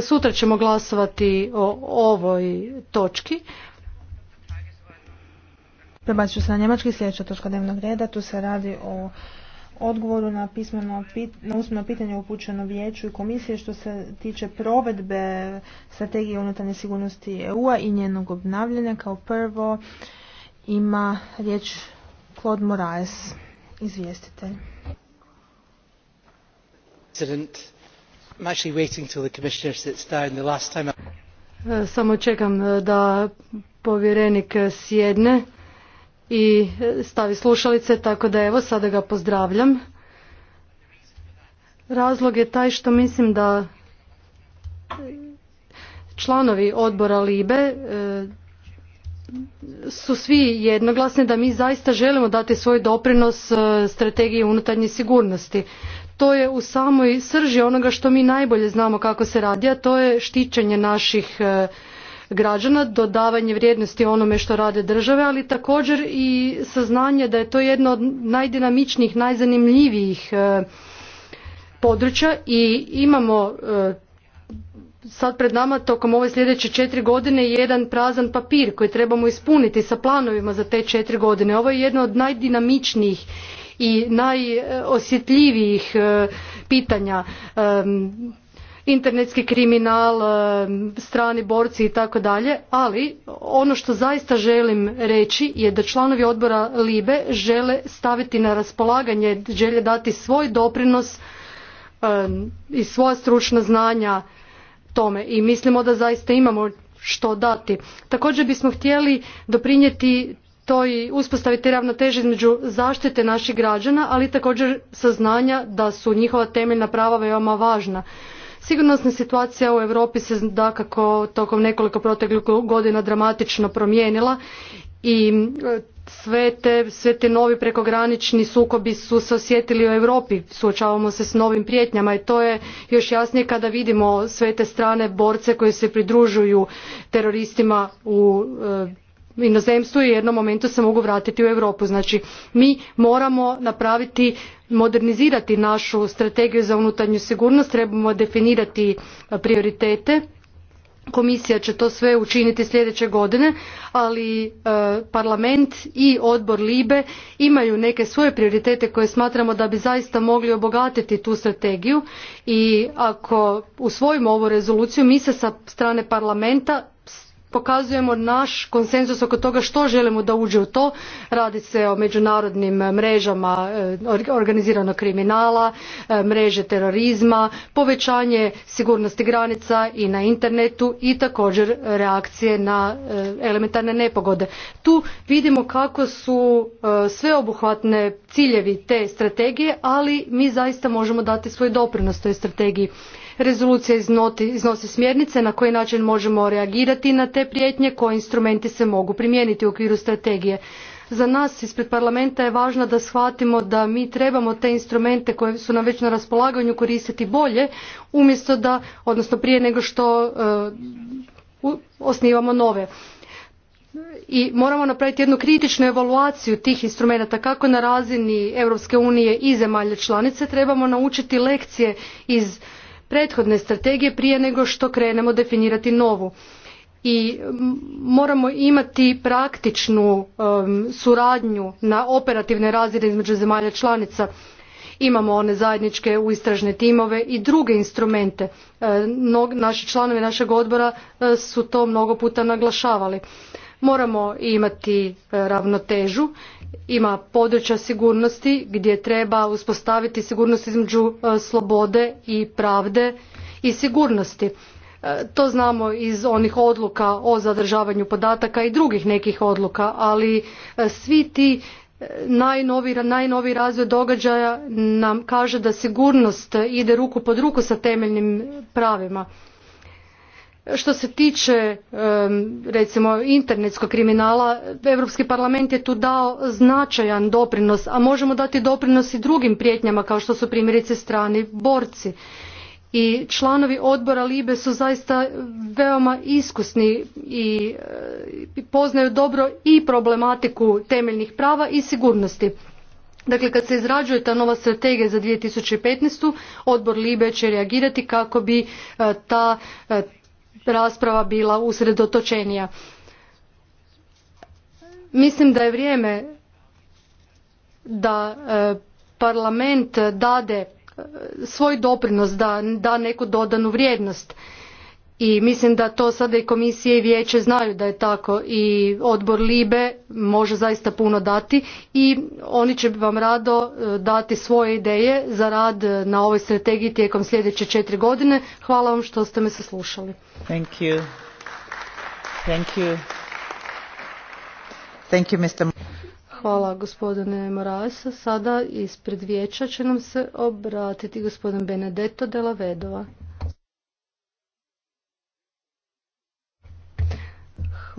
Sutra ćemo glasovati o ovoj točki. Prebacit ću se na njemački sljedeća točka dnevnog reda. Tu se radi o odgovoru na, pismeno, na usmeno pitanje upućeno vijeću i komisije što se tiče provedbe strategije unutarnje sigurnosti EU-a i njenog obnavljanja. Kao prvo ima riječ Claude Moraes, izvjestitelj. President actually waiting Samo čekam e, da povjerenik e, sjedne i e, stavi slušalice, tako da evo sada ga pozdravljam. Razlog je taj što mislim da članovi odbora LIBE su svi jednoglasni da mi zaista želimo dati svoj doprinos strategiji unutarnje sigurnosti to je u samoj srži onoga što mi najbolje znamo kako se radi, a to je štićenje naših e, građana, dodavanje vrijednosti onome što rade države, ali također i saznanje da je to jedno od najdinamičnijih, najzanimljivijih e, područja i imamo e, sad pred nama tokom ove sljedeće četiri godine jedan prazan papir koji trebamo ispuniti sa planovima za te četiri godine. Ovo je jedno od najdinamičnijih i najosjetljivijih e, pitanja e, internetski kriminal, e, strani borci i tako dalje, ali ono što zaista želim reći je da članovi odbora LIBE žele staviti na raspolaganje, žele dati svoj doprinos i svoja stručna znanja tome i mislimo da zaista imamo što dati. Također bismo htjeli doprinijeti nastoji uspostaviti ravnotežu između zaštite naših građana ali također saznanja da su njihova temeljna prava veoma važna. Sigurnosna situacija u Europi se dakako tokom nekoliko proteklih godina dramatično promijenila i e, sve te, novi prekogranični sukobi su se osjetili u Europi, suočavamo se s novim prijetnjama i to je još jasnije kada vidimo sve te strane borce koji se pridružuju teroristima u e, inozemstvu i u jednom momentu se mogu vratiti u Europu. Znači mi moramo napraviti, modernizirati našu strategiju za unutarnju sigurnost, trebamo definirati e, prioritete. Komisija će to sve učiniti sljedeće godine, ali e, parlament i odbor LIBE imaju neke svoje prioritete koje smatramo da bi zaista mogli obogatiti tu strategiju i ako usvojimo ovu rezoluciju mi se sa strane parlamenta pokazujemo naš konsenzus oko toga što želimo da uđe u to. Radi se o međunarodnim mrežama eh, organiziranog kriminala, eh, mreže terorizma, povećanje sigurnosti granica i na internetu i također reakcije na eh, elementarne nepogode. Tu vidimo kako su sveobuhvatne ciljevi te strategije, ali mi zaista možemo dati svoj doprinos toj strategiji. Rezolucija iznosi smjernice na koji način možemo reagirati na te prijetnje, koji instrumenti se mogu primijeniti u okviru strategije. Za nas ispred parlamenta je važno da shvatimo da mi trebamo te instrumente koje su nam već na raspolaganju koristiti bolje umjesto da, odnosno prije nego što e, osnivamo nove i moramo napraviti jednu kritičnu evaluaciju tih instrumenata kako na razini europske unije i zemalja članice trebamo naučiti lekcije iz prethodne strategije prije nego što krenemo definirati novu i moramo imati praktičnu um, suradnju na operativne razine između zemalja članica imamo one zajedničke u istražne timove i druge instrumente e, naši članovi našeg odbora e, su to mnogo puta naglašavali Moramo imati e, ravnotežu, ima područja sigurnosti gdje treba uspostaviti sigurnost između e, slobode i pravde i sigurnosti. E, to znamo iz onih odluka o zadržavanju podataka i drugih nekih odluka, ali svi ti najnoviji razvoj događaja nam kaže da sigurnost ide ruku pod ruku sa temeljnim pravima što se tiče recimo internetskog kriminala, Europski parlament je tu dao značajan doprinos, a možemo dati doprinos i drugim prijetnjama kao što su primjerice strani borci. I članovi odbora Libe su zaista veoma iskusni i e, poznaju dobro i problematiku temeljnih prava i sigurnosti. Dakle, kad se izrađuje ta nova strategija za 2015. odbor Libe će reagirati kako bi e, ta e, rasprava bila usredotočenija. Mislim da je vrijeme da e, parlament dade e, svoj doprinos, da da neku dodanu vrijednost i mislim da to sada i komisije i vijeće znaju da je tako i odbor Libe može zaista puno dati i oni će vam rado e, dati svoje ideje za rad e, na ovoj strategiji tijekom sljedeće četiri godine. Hvala vam što ste me saslušali. Hvala gospodine Morales. Sada ispred vijeća će nam se obratiti gospodin Benedetto Della Vedova.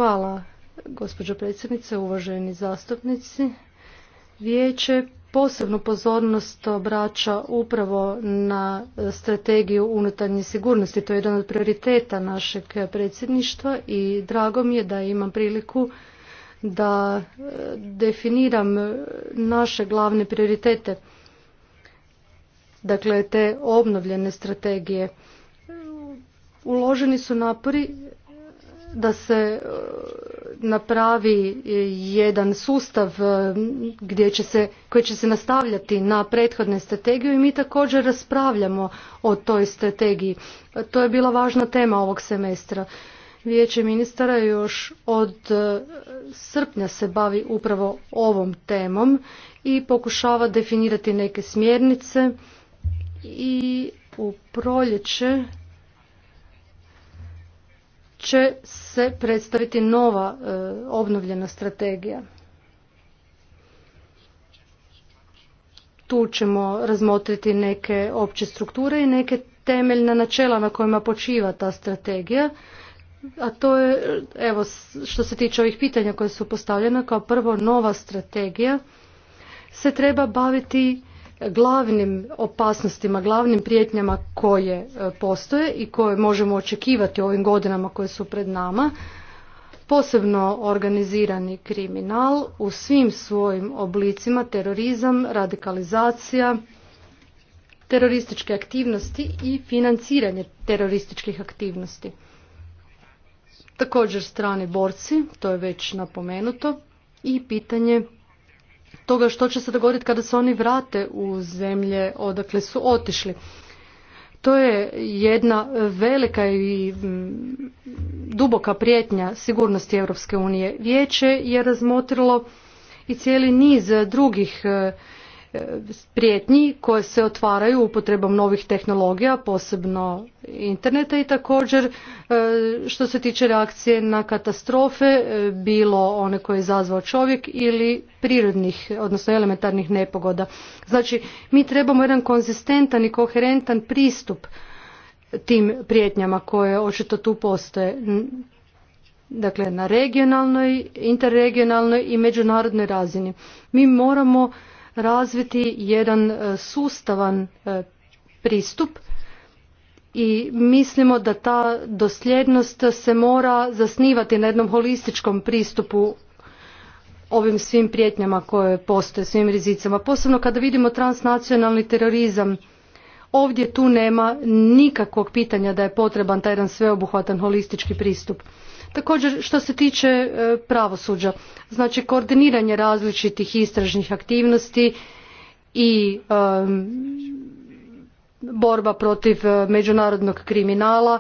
Hvala, gospođo predsjednice, uvaženi zastupnici. Vijeće posebnu pozornost obraća upravo na strategiju unutarnje sigurnosti. To je jedan od prioriteta našeg predsjedništva i drago mi je da imam priliku da e, definiram naše glavne prioritete, dakle te obnovljene strategije. Uloženi su napori da se e, napravi e, jedan sustav e, gdje će se, koji će se nastavljati na prethodne strategiju i mi također raspravljamo o toj strategiji. To je bila važna tema ovog semestra. Vijeće ministara još od srpnja se bavi upravo ovom temom i pokušava definirati neke smjernice i u proljeće će se predstaviti nova e, obnovljena strategija. Tu ćemo razmotriti neke opće strukture i neke temeljna načela na kojima počiva ta strategija. A to je, evo, što se tiče ovih pitanja koje su postavljena, kao prvo nova strategija se treba baviti glavnim opasnostima, glavnim prijetnjama koje e, postoje i koje možemo očekivati u ovim godinama koje su pred nama, posebno organizirani kriminal u svim svojim oblicima, terorizam, radikalizacija, terorističke aktivnosti i financiranje terorističkih aktivnosti. Također strani borci, to je već napomenuto, i pitanje toga što će se dogoditi kada se oni vrate u zemlje odakle su otišli. To je jedna velika i mm, duboka prijetnja sigurnosti Europske unije. Vijeće je razmotrilo i cijeli niz drugih e, prijetnji koje se otvaraju upotrebom novih tehnologija, posebno interneta i također e, što se tiče reakcije na katastrofe, e, bilo one koje je izazvao čovjek ili prirodnih, odnosno elementarnih nepogoda. Znači, mi trebamo jedan konzistentan i koherentan pristup tim prijetnjama koje očito tu postoje dakle na regionalnoj, interregionalnoj i međunarodnoj razini. Mi moramo razviti jedan e, sustavan e, pristup i mislimo da ta dosljednost se mora zasnivati na jednom holističkom pristupu ovim svim prijetnjama koje postoje, svim rizicama. Posebno kada vidimo transnacionalni terorizam, ovdje tu nema nikakvog pitanja da je potreban taj jedan sveobuhvatan holistički pristup. Također što se tiče e, pravosuđa, znači koordiniranje različitih istražnih aktivnosti i borba protiv e, međunarodnog kriminala,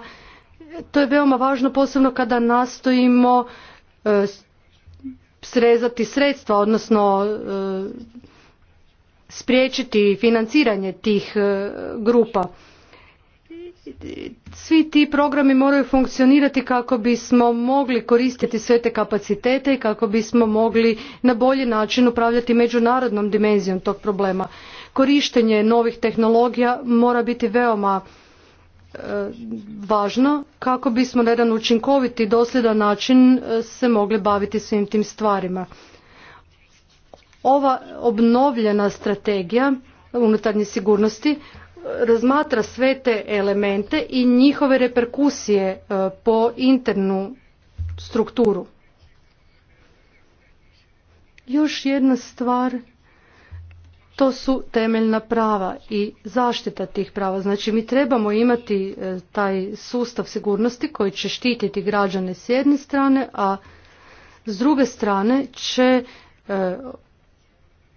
to je veoma važno posebno kada nastojimo e, srezati sredstva, odnosno spriječiti financiranje tih grupa svi ti programi moraju funkcionirati kako bismo mogli koristiti sve te kapacitete i kako bismo mogli na bolji način upravljati međunarodnom dimenzijom tog problema. Korištenje novih tehnologija mora biti veoma e, važno kako bismo na jedan učinkoviti i dosljedan način e, se mogli baviti svim tim stvarima. Ova obnovljena strategija unutarnje sigurnosti razmatra sve te elemente i njihove reperkusije e, po internu strukturu. Još jedna stvar, to su temeljna prava i zaštita tih prava. Znači mi trebamo imati e, taj sustav sigurnosti koji će štititi građane s jedne strane, a s druge strane će e,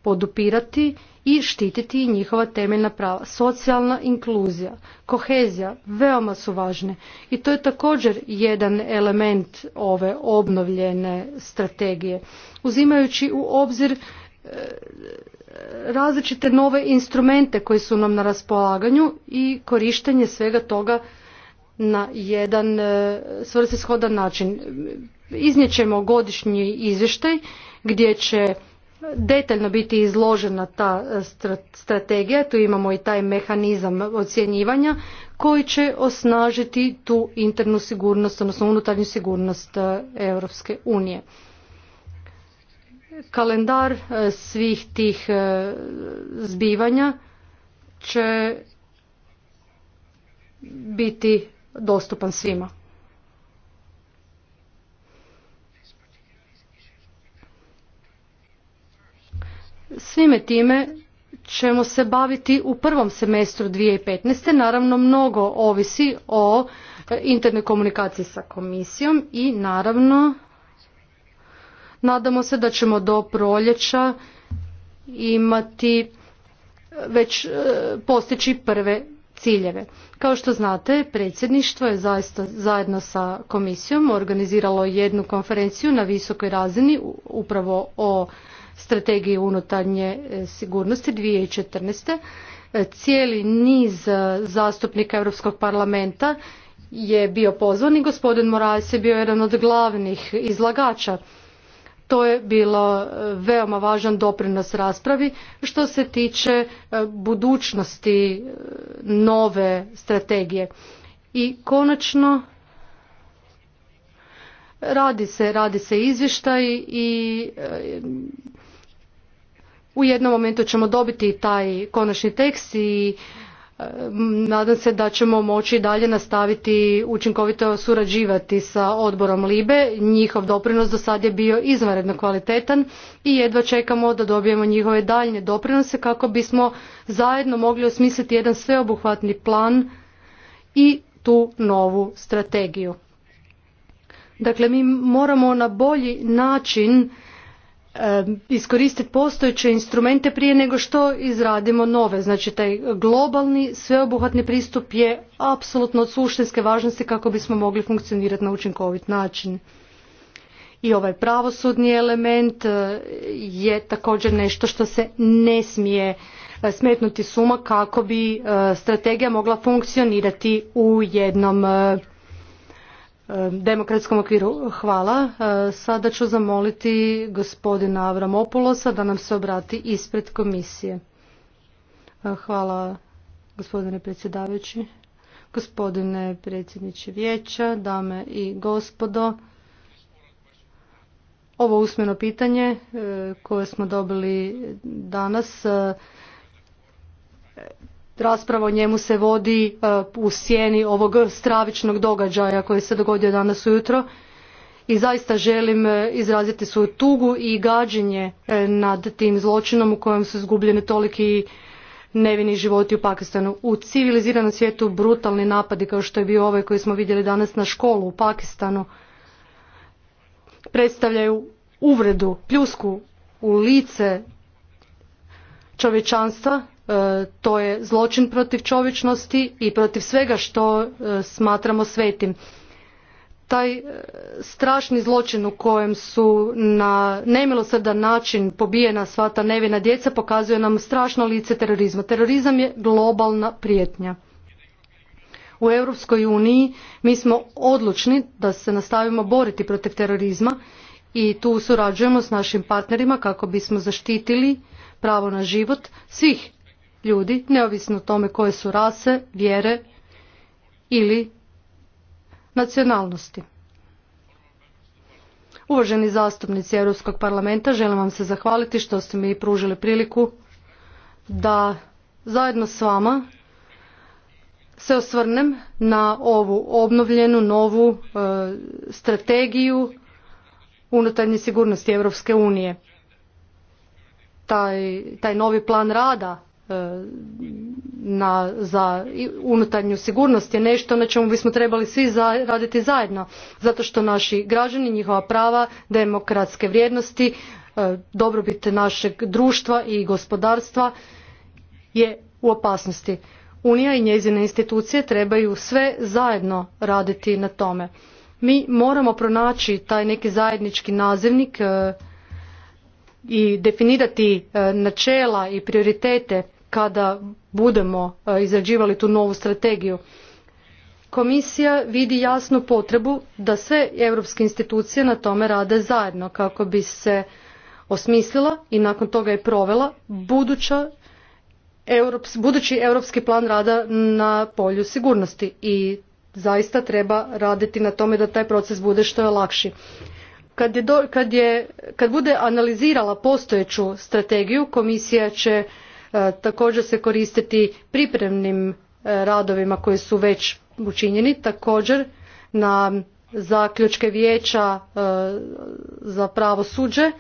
podupirati i štititi njihova temeljna prava. Socijalna inkluzija, kohezija veoma su važne i to je također jedan element ove obnovljene strategije. Uzimajući u obzir e, različite nove instrumente koji su nam na raspolaganju i korištenje svega toga na jedan e, svrsishodan način. Iznjećemo godišnji izvještaj gdje će detaljno biti izložena ta e, strategija, tu imamo i taj mehanizam ocjenjivanja koji će osnažiti tu internu sigurnost, odnosno unutarnju sigurnost e, Europske unije. Kalendar e, svih tih zbivanja će biti dostupan svima. Svime time ćemo se baviti u prvom semestru 2015. Naravno mnogo ovisi o e, internoj komunikaciji sa komisijom i naravno nadamo se da ćemo do proljeća imati već e, postići prve ciljeve. Kao što znate, predsjedništvo je zaista zajedno sa komisijom organiziralo jednu konferenciju na visokoj razini upravo o strategije unutarnje e, sigurnosti 2014. E, cijeli niz e, zastupnika Europskog parlamenta je bio pozvan i gospodin Moraes je bio jedan od glavnih izlagača. To je bilo veoma važan doprinos raspravi što se tiče budućnosti nove strategije. I konačno radi se, radi se izvještaj i u jednom momentu ćemo dobiti taj konačni tekst i e, nadam se da ćemo moći dalje nastaviti učinkovito surađivati sa odborom Libe. Njihov doprinos do sad je bio izvanredno kvalitetan i jedva čekamo da dobijemo njihove daljne doprinose kako bismo zajedno mogli osmisliti jedan sveobuhvatni plan i tu novu strategiju. Dakle, mi moramo na bolji način iskoristiti postojeće instrumente prije nego što izradimo nove. Znači taj globalni sveobuhvatni pristup je apsolutno od suštinske važnosti kako bismo mogli funkcionirati na učinkovit način. I ovaj pravosudni element eh, je također nešto što se ne smije eh, smetnuti suma kako bi eh, strategija mogla funkcionirati u jednom demokratskom okviru. Hvala. Sada ću zamoliti gospodina Avramopulosa da nam se obrati ispred komisije. Hvala gospodine predsjedavajući, gospodine predsjedniče vijeća, dame i gospodo. Ovo usmeno pitanje koje smo dobili danas Rasprava o njemu se vodi e, u sjeni ovog stravičnog događaja koji se dogodio danas ujutro i zaista želim e, izraziti svoju tugu i gađenje e, nad tim zločinom u kojem su izgubljeni toliki nevini životi u Pakistanu. U civiliziranom svijetu brutalni napadi kao što je bio ovaj koji smo vidjeli danas na školu u Pakistanu predstavljaju uvredu, pljusku u lice čovječanstva E, to je zločin protiv čovječnosti i protiv svega što e, smatramo svetim taj e, strašni zločin u kojem su na nemilosrdan način pobijena sva ta nevina djeca pokazuje nam strašno lice terorizma. Terorizam je globalna prijetnja. U Europskoj uniji mi smo odlučni da se nastavimo boriti protiv terorizma i tu surađujemo s našim partnerima kako bismo zaštitili pravo na život svih ljudi, neovisno o tome koje su rase, vjere ili nacionalnosti. Uvaženi zastupnici Europskog parlamenta, želim vam se zahvaliti što ste mi pružili priliku da zajedno s vama se osvrnem na ovu obnovljenu novu e, strategiju unutarnje sigurnosti Europske unije. Taj, taj novi plan rada na, za unutarnju sigurnost je nešto na čemu bismo trebali svi raditi zajedno zato što naši građani njihova prava demokratske vrijednosti e, dobrobit našeg društva i gospodarstva je u opasnosti. unija i njezine institucije trebaju sve zajedno raditi na tome. mi moramo pronaći taj neki zajednički nazivnik e, i definirati e, načela i prioritete kada budemo e, izrađivali tu novu strategiju. Komisija vidi jasnu potrebu da sve europske institucije na tome rade zajedno kako bi se osmislila i nakon toga i provela buduća budući europski plan rada na polju sigurnosti i zaista treba raditi na tome da taj proces bude što je lakši. Kad, kad bude analizirala postojeću strategiju, komisija će E, također se koristiti pripremnim e, radovima koji su već učinjeni također na zaključke vijeća e, za pravosuđe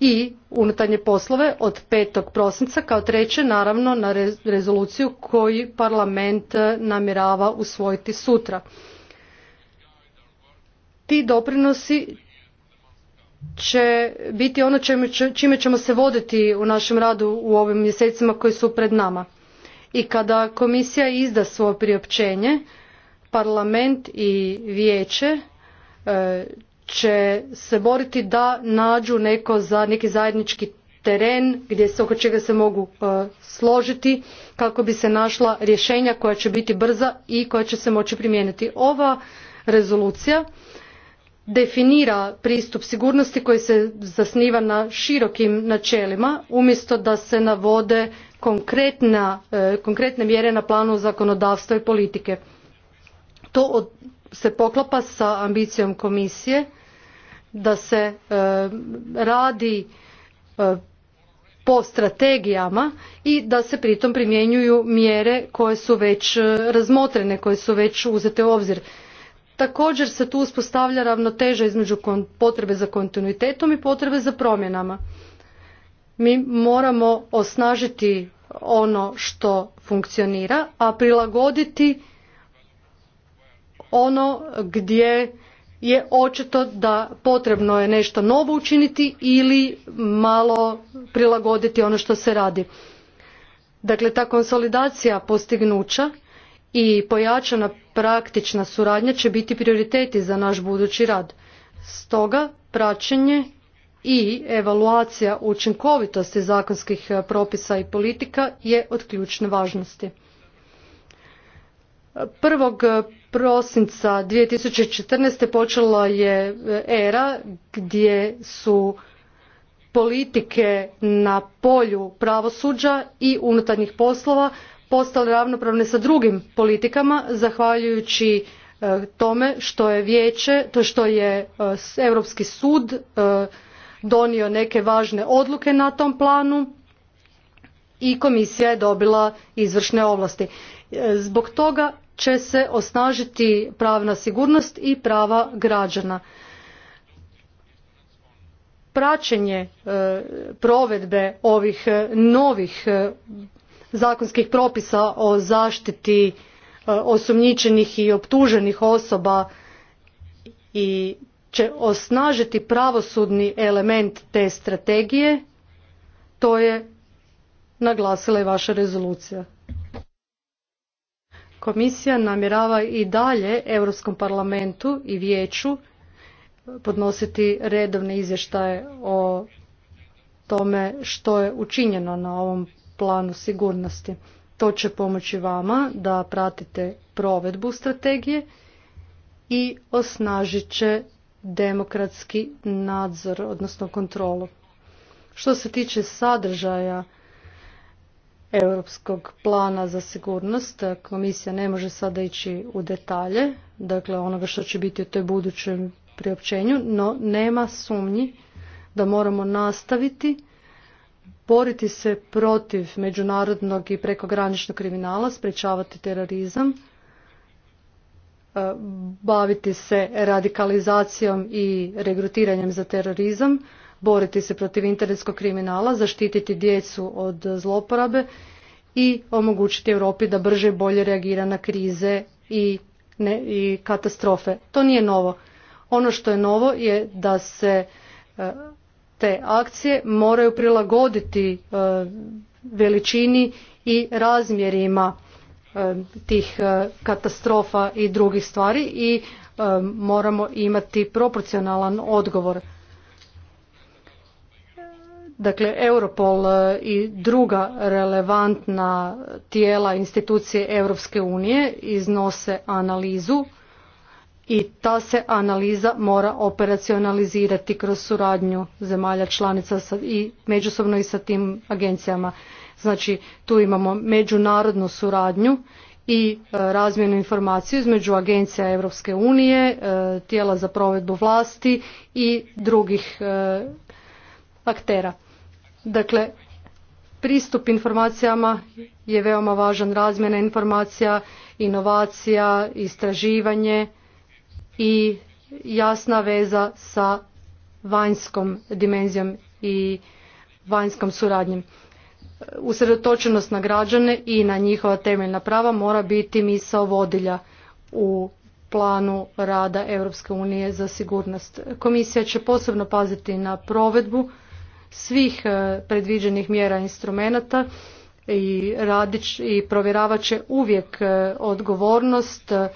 i unutarnje poslove od 5. prosinca kao treće naravno na rezoluciju koju parlament namjerava usvojiti sutra. Ti doprinosi će biti ono čime ćemo se voditi u našem radu u ovim mjesecima koji su pred nama. I kada komisija izda svoje priopćenje, parlament i vijeće e, će se boriti da nađu neko za neki zajednički teren gdje se oko čega se mogu e, složiti kako bi se našla rješenja koja će biti brza i koja će se moći primijeniti. Ova rezolucija definira pristup sigurnosti koji se zasniva na širokim načelima umjesto da se navode e, konkretne mjere na planu zakonodavstva i politike. To se poklapa sa ambicijom komisije da se e, radi e, po strategijama i da se pritom primjenjuju mjere koje su već razmotrene, koje su već uzete u obzir. Također se tu uspostavlja ravnoteža između potrebe za kontinuitetom i potrebe za promjenama. Mi moramo osnažiti ono što funkcionira, a prilagoditi ono gdje je očito da potrebno je nešto novo učiniti ili malo prilagoditi ono što se radi. Dakle, ta konsolidacija postignuća i pojačana praktična suradnja će biti prioriteti za naš budući rad. Stoga praćenje i evaluacija učinkovitosti zakonskih e, propisa i politika je od ključne važnosti. 1. E, prosinca 2014. počela je e, era gdje su politike na polju pravosuđa i unutarnjih poslova postale ravnopravne sa drugim politikama zahvaljujući e, tome što je vijeće to što je e, europski sud e, donio neke važne odluke na tom planu i komisija je dobila izvršne ovlasti zbog toga će se osnažiti pravna sigurnost i prava građana praćenje provedbe ovih novih zakonskih propisa o zaštiti e, osumnjičenih i optuženih osoba i će osnažiti pravosudni element te strategije to je naglasila i vaša rezolucija komisija namjerava i dalje europskom parlamentu i vijeću podnositi redovne izvještaje o tome što je učinjeno na ovom planu sigurnosti. To će pomoći vama da pratite provedbu strategije i osnažit će demokratski nadzor, odnosno kontrolu. Što se tiče sadržaja Europskog plana za sigurnost, komisija ne može sada ići u detalje, dakle onoga što će biti u toj budućem priopćenju, no nema sumnji da moramo nastaviti boriti se protiv međunarodnog i prekograničnog kriminala, sprečavati terorizam, e, baviti se radikalizacijom i regrutiranjem za terorizam, boriti se protiv internetskog kriminala, zaštititi djecu od zloporabe i omogućiti Europi da brže i bolje reagira na krize i, i katastrofe. To nije novo. Ono što je novo je da se e, te akcije moraju prilagoditi e, veličini i razmjerima e, tih e, katastrofa i drugih stvari i moramo imati proporcionalan odgovor. Dakle, Europol i druga relevantna tijela institucije Europske unije iznose analizu i ta se analiza mora operacionalizirati kroz suradnju zemalja članica i međusobno i sa tim agencijama. Znači tu imamo međunarodnu suradnju i e, razmjenu informaciju između agencija Europske unije, e, tijela za provedbu vlasti i drugih e, aktera. Dakle, pristup informacijama je veoma važan razmjena informacija, inovacija, istraživanje i jasna veza sa vanjskom dimenzijom i vanjskom suradnjom. Usredotočenost na građane i na njihova temeljna prava mora biti misao vodilja u planu rada Europske unije za sigurnost. Komisija će posebno paziti na provedbu svih e, predviđenih mjera instrumenata i, i provjeravat će uvijek e, odgovornost e,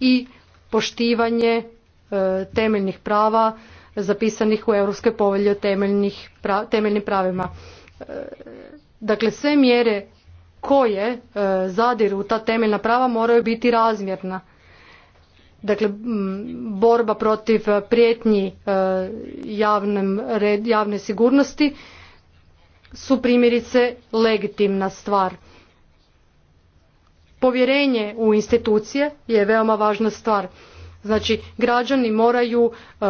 i poštivanje e, temeljnih prava zapisanih u Europskoj povelji o temeljnim pravima. E, dakle, sve mjere koje e, zadiru ta temeljna prava moraju biti razmjerna. Dakle, borba protiv prijetnji javne sigurnosti su primjerice legitimna stvar povjerenje u institucije je veoma važna stvar. Znači, građani moraju e,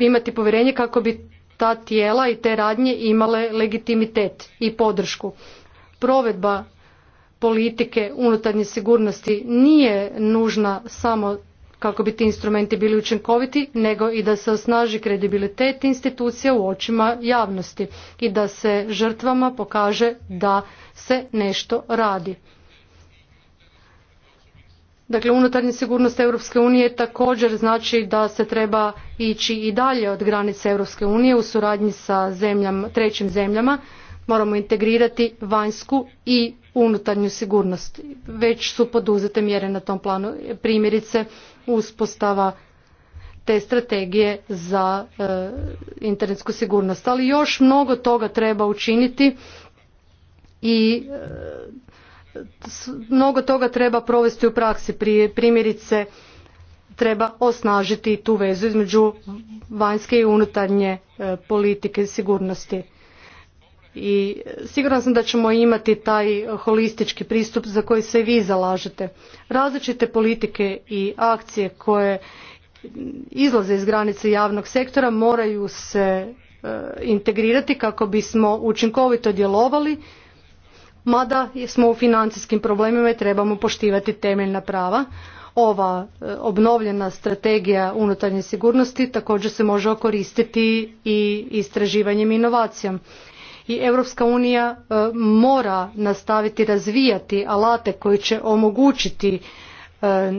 imati povjerenje kako bi ta tijela i te radnje imale legitimitet i podršku. Provedba politike unutarnje sigurnosti nije nužna samo kako bi ti instrumenti bili učinkoviti, nego i da se osnaži kredibilitet institucija u očima javnosti i da se žrtvama pokaže da se nešto radi. Dakle, unutarnja sigurnost Europske unije također znači da se treba ići i dalje od granice Europske unije u suradnji sa zemljama, trećim zemljama. Moramo integrirati vanjsku i unutarnju sigurnost. Već su poduzete mjere na tom planu. Primjerice, uspostava te strategije za e, internetsku sigurnost. Ali još mnogo toga treba učiniti i e, mnogo toga treba provesti u praksi primjerice treba osnažiti tu vezu između vanjske i unutarnje e, politike sigurnosti i e, siguran sam da ćemo imati taj holistički pristup za koji se vi zalažete različite politike i akcije koje izlaze iz granice javnog sektora moraju se e, integrirati kako bismo učinkovito djelovali mada smo u financijskim problemima i trebamo poštivati temeljna prava. Ova e, obnovljena strategija unutarnje sigurnosti također se može koristiti i istraživanjem i inovacijom. I Europska unija e, mora nastaviti razvijati alate koji će omogućiti e,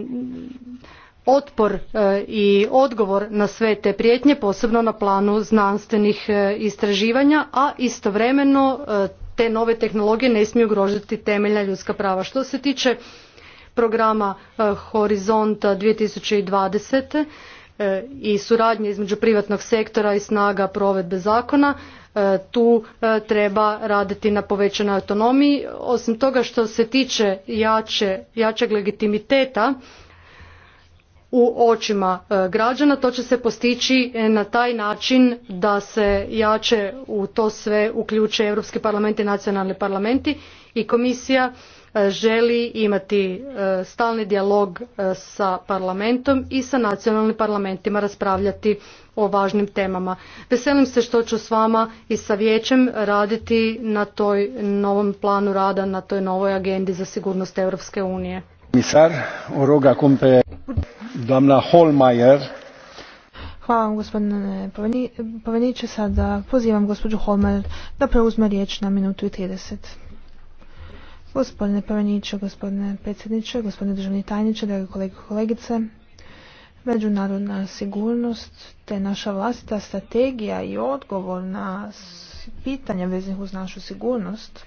otpor i odgovor na sve te prijetnje posebno na planu znanstvenih istraživanja a istovremeno te nove tehnologije ne smiju ugroziti temeljna ljudska prava. Što se tiče programa e, Horizonta 2020 e, i suradnje između privatnog sektora i snaga provedbe zakona, e, tu treba raditi na povećanoj autonomiji. Osim toga što se tiče jače, jačeg legitimiteta u očima e, građana. To će se postići e, na taj način da se jače u to sve uključe Europski parlament i nacionalni parlamenti i komisija e, želi imati stalni dijalog sa parlamentom i sa nacionalnim parlamentima raspravljati o važnim temama. Veselim se što ću s vama i sa vijećem raditi na toj novom planu rada, na toj novoj agendi za sigurnost Europske unije. Hvala vam gospodine poveniče. Sada pozivam gospođu Holmer da preuzme riječ na minutu i 30. Gospodine gospodine predsjedniče, gospodine državni tajniče, dragi kolege i kolegice, međunarodna sigurnost te naša vlastita strategija i odgovor na pitanja veznih uz našu sigurnost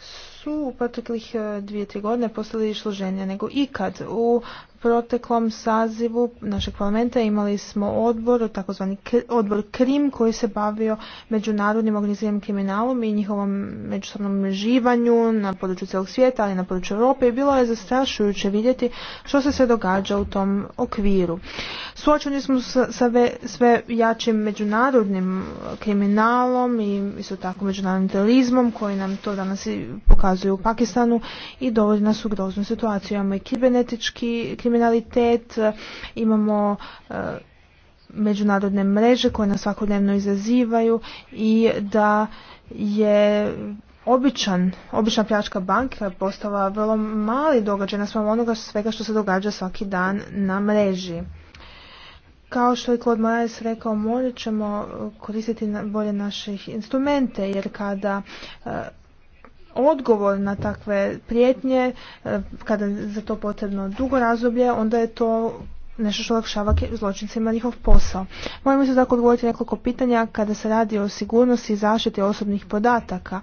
su u proteklih eh, dvije, tri godine postali složenije nego ikad. U proteklom sazivu našeg parlamenta imali smo odbor, takozvani odbor Krim, koji se bavio međunarodnim organiziranim kriminalom i njihovom međusobnom živanju na području cijelog svijeta, ali i na području Europe i bilo je zastrašujuće vidjeti što se sve događa u tom okviru. Suočeni smo sa, sve jačim međunarodnim kriminalom i isto tako međunarodnim terorizmom koji nam to danas pokazuju u Pakistanu i dovodi nas u groznu situaciju. Imamo i kibernetički kriminalitet, imamo e, međunarodne mreže koje nas svakodnevno izazivaju i da je običan, obična pljačka banka postala vrlo mali događaj na svom onoga svega što se događa svaki dan na mreži. Kao što je Claude Moraes rekao, morat ćemo koristiti bolje naše instrumente, jer kada e, odgovor na takve prijetnje, e, kada je za to potrebno dugo razdoblje, onda je to nešto što olakšava zločincima njihov posao. Moramo se tako odgovoriti nekoliko pitanja kada se radi o sigurnosti i zaštiti osobnih podataka.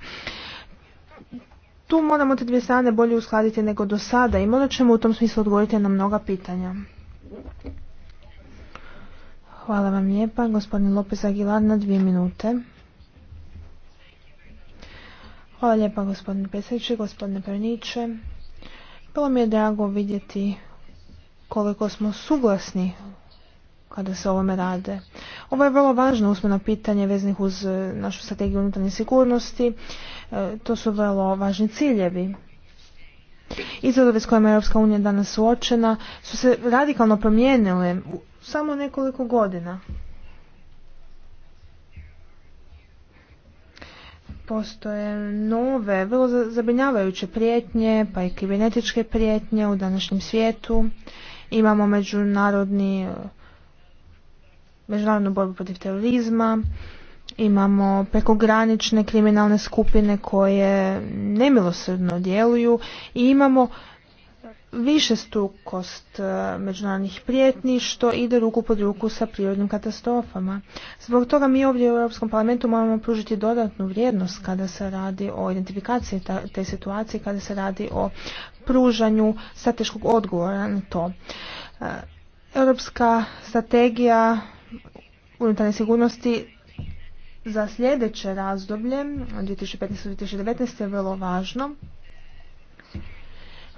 Tu moramo te dvije strane bolje uskladiti nego do sada i morat ćemo u tom smislu odgovoriti na mnoga pitanja. Hvala vam lijepa. Gospodin Lopez Aguilar na dvije minute. Hvala lijepa gospodine predsjedniče, gospodine Perniče. Bilo mi je drago vidjeti koliko smo suglasni kada se ovome rade. Ovo je vrlo važno usmeno pitanje veznih uz e, našu strategiju unutarnje sigurnosti. E, to su vrlo važni ciljevi. Izazove s kojima je Europska unija danas suočena su se radikalno promijenile u samo nekoliko godina. postoje nove, vrlo zabrinjavajuće prijetnje, pa i kibernetičke prijetnje u današnjem svijetu. Imamo međunarodni, međunarodnu borbu protiv terorizma, imamo prekogranične kriminalne skupine koje nemilosrdno djeluju i imamo više stukost e, međunarodnih prijetni, što ide ruku pod ruku sa prirodnim katastrofama. Zbog toga mi ovdje u Europskom parlamentu moramo pružiti dodatnu vrijednost kada se radi o identifikaciji te situacije, kada se radi o pružanju strateškog odgovora na to. E, Europska strategija unutarnje sigurnosti za sljedeće razdoblje 2015-2019 je vrlo važno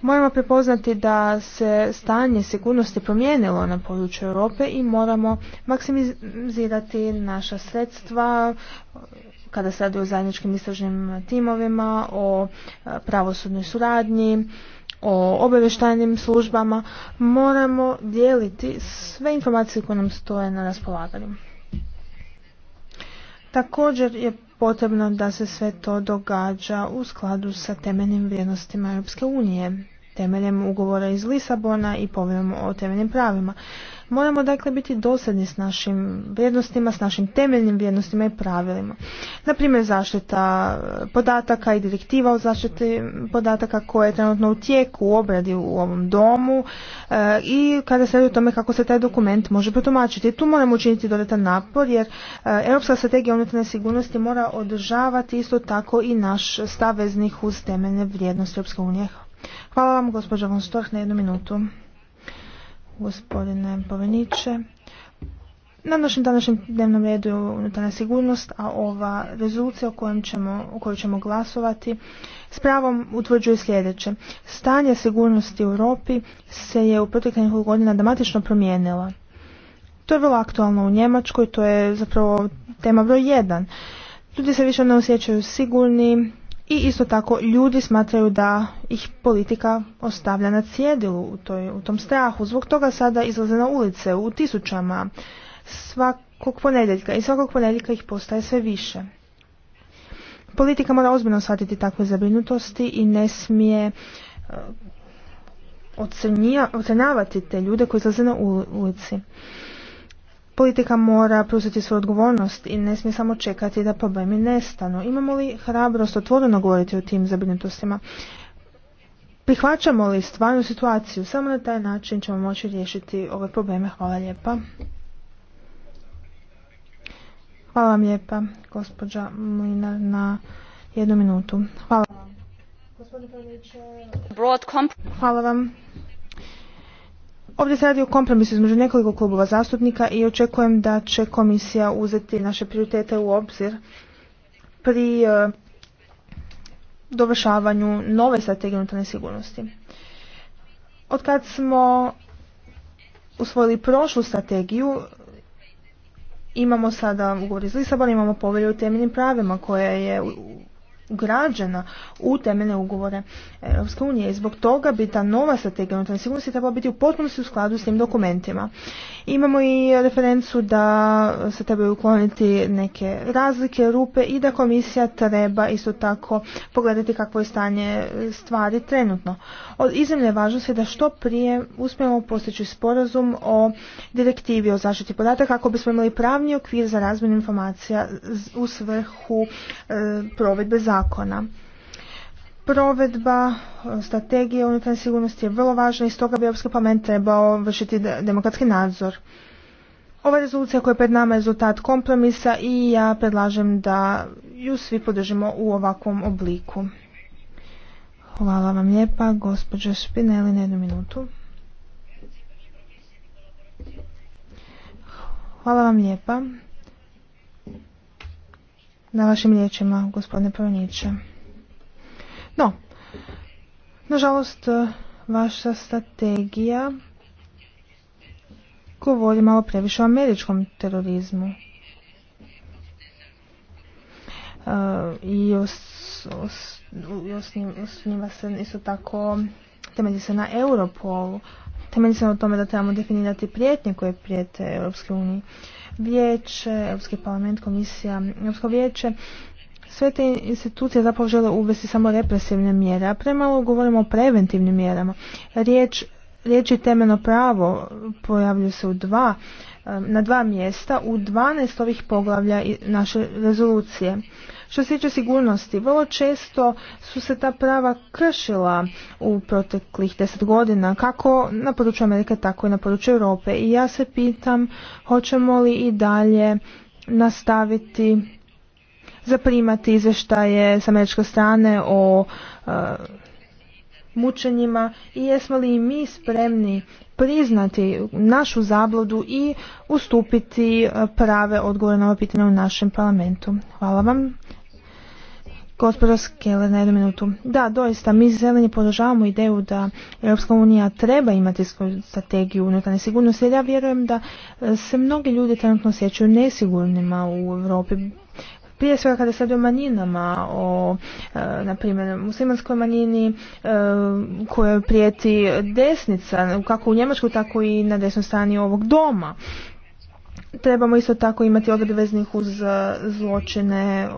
Moramo prepoznati da se stanje sigurnosti promijenilo na području Europe i moramo maksimizirati naša sredstva kada se radi o zajedničkim istražnim timovima, o e, pravosudnoj suradnji, o obavještajnim službama. Moramo dijeliti sve informacije koje nam stoje na raspolaganju. Također je potrebno da se sve to događa u skladu sa temeljnim vrijednostima Europske unije, temeljem ugovora iz Lisabona i povijem o temeljnim pravima. Moramo dakle biti dosadni s našim vrijednostima, s našim temeljnim vrijednostima i pravilima. Na primjer zaštita podataka i direktiva o zaštiti podataka koja je trenutno u tijeku u obradi u ovom domu e, i kada se radi o tome kako se taj dokument može protumačiti. Tu moramo učiniti dodatan napor jer e, Europska strategija unutarnje sigurnosti mora održavati isto tako i naš stav veznih uz temeljne vrijednosti Europske unije. Hvala vam gospođo Von Storch na jednu minutu gospodine Boveniće. Na našem današnjem dnevnom redu je unutarnja sigurnost, a ova rezolucija o, kojem ćemo, o kojoj ćemo glasovati s pravom utvrđuje sljedeće. Stanje sigurnosti u Europi se je u proteklih godina dramatično promijenila. To je vrlo aktualno u Njemačkoj, to je zapravo tema broj jedan. Ljudi se više ne osjećaju sigurni, i isto tako ljudi smatraju da ih politika ostavlja na cjedilu u, toj, u tom strahu. Zbog toga sada izlaze na ulice u tisućama svakog ponedjeljka i svakog ponedjeljka ih postaje sve više. Politika mora ozbiljno shvatiti takve zabrinutosti i ne smije e, ocrnjavati te ljude koji izlaze na ulici. Politika mora preuzeti svoju odgovornost i ne smije samo čekati da problemi nestanu. Imamo li hrabrost otvoreno govoriti o tim zabrinutostima? Prihvaćamo li stvarnu situaciju? Samo na taj način ćemo moći riješiti ove probleme. Hvala lijepa. Hvala vam lijepa, gospođa Mlinar, na jednu minutu. Hvala vam. Hvala vam. Ovdje se radi o kompromisu između nekoliko klubova zastupnika i očekujem da će komisija uzeti naše prioritete u obzir pri e, dovršavanju nove strategije unutarnje sigurnosti. Od kad smo usvojili prošlu strategiju, imamo sada ugovor iz Lisabona, imamo povelju u temeljnim pravima koja je građena u temeljne ugovore Europske unije. I zbog toga bi ta nova strategija unutarnje sigurnosti trebala biti u potpunosti u skladu s tim dokumentima. Imamo i referencu da se trebaju ukloniti neke razlike, rupe i da komisija treba isto tako pogledati kakvo je stanje stvari trenutno. Od iznimne važnosti je da što prije uspijemo postići sporazum o direktivi o zaštiti podataka kako bismo imali pravni okvir za razmjenu informacija u svrhu e, provedbe zakona zakona. Provedba e, strategije unutarnje sigurnosti je vrlo važna i stoga bi Europski parlament trebao vršiti demokratski nadzor. Ova rezolucija koja je pred nama je rezultat kompromisa i ja predlažem da ju svi podržimo u ovakvom obliku. Hvala vam lijepa, gospođo Špineli, na jednu minutu. Hvala vam lijepa na vašim riječima, gospodine Prveniće. No, nažalost, eh, vaša strategija govori malo previše o američkom terorizmu eh, i os, osniva se isto tako temelji se na Europolu temelji se na tome da trebamo definirati prijetnje koje prijete Europske unije vijeće, Europski parlament, komisija, Europsko vijeće, sve te institucije zapravo žele uvesti samo represivne mjere, a premalo govorimo o preventivnim mjerama. Riječ, i temeno pravo pojavljuje se u na dva mjesta u 12 ovih poglavlja naše rezolucije. Što se tiče sigurnosti, vrlo često su se ta prava kršila u proteklih deset godina, kako na području Amerike, tako i na području Europe. I ja se pitam, hoćemo li i dalje nastaviti zaprimati izveštaje s američke strane o e, mučenjima i jesmo li i mi spremni priznati našu zabludu i ustupiti e, prave odgovore na ova pitanja u našem parlamentu. Hvala vam. Gospodo Skele, na jednu minutu. Da, doista, mi zeleni podržavamo ideju da Europska unija treba imati svoju strategiju unutarnje sigurnosti, jer ja vjerujem da e, se mnogi ljudi trenutno osjećaju nesigurnima u Europi. Prije svega kada se o manjinama, o, e, na primjer, muslimanskoj manjini e, kojoj prijeti desnica, kako u Njemačkoj, tako i na desnoj strani ovog doma. Trebamo isto tako imati odveznih uz eh, zločine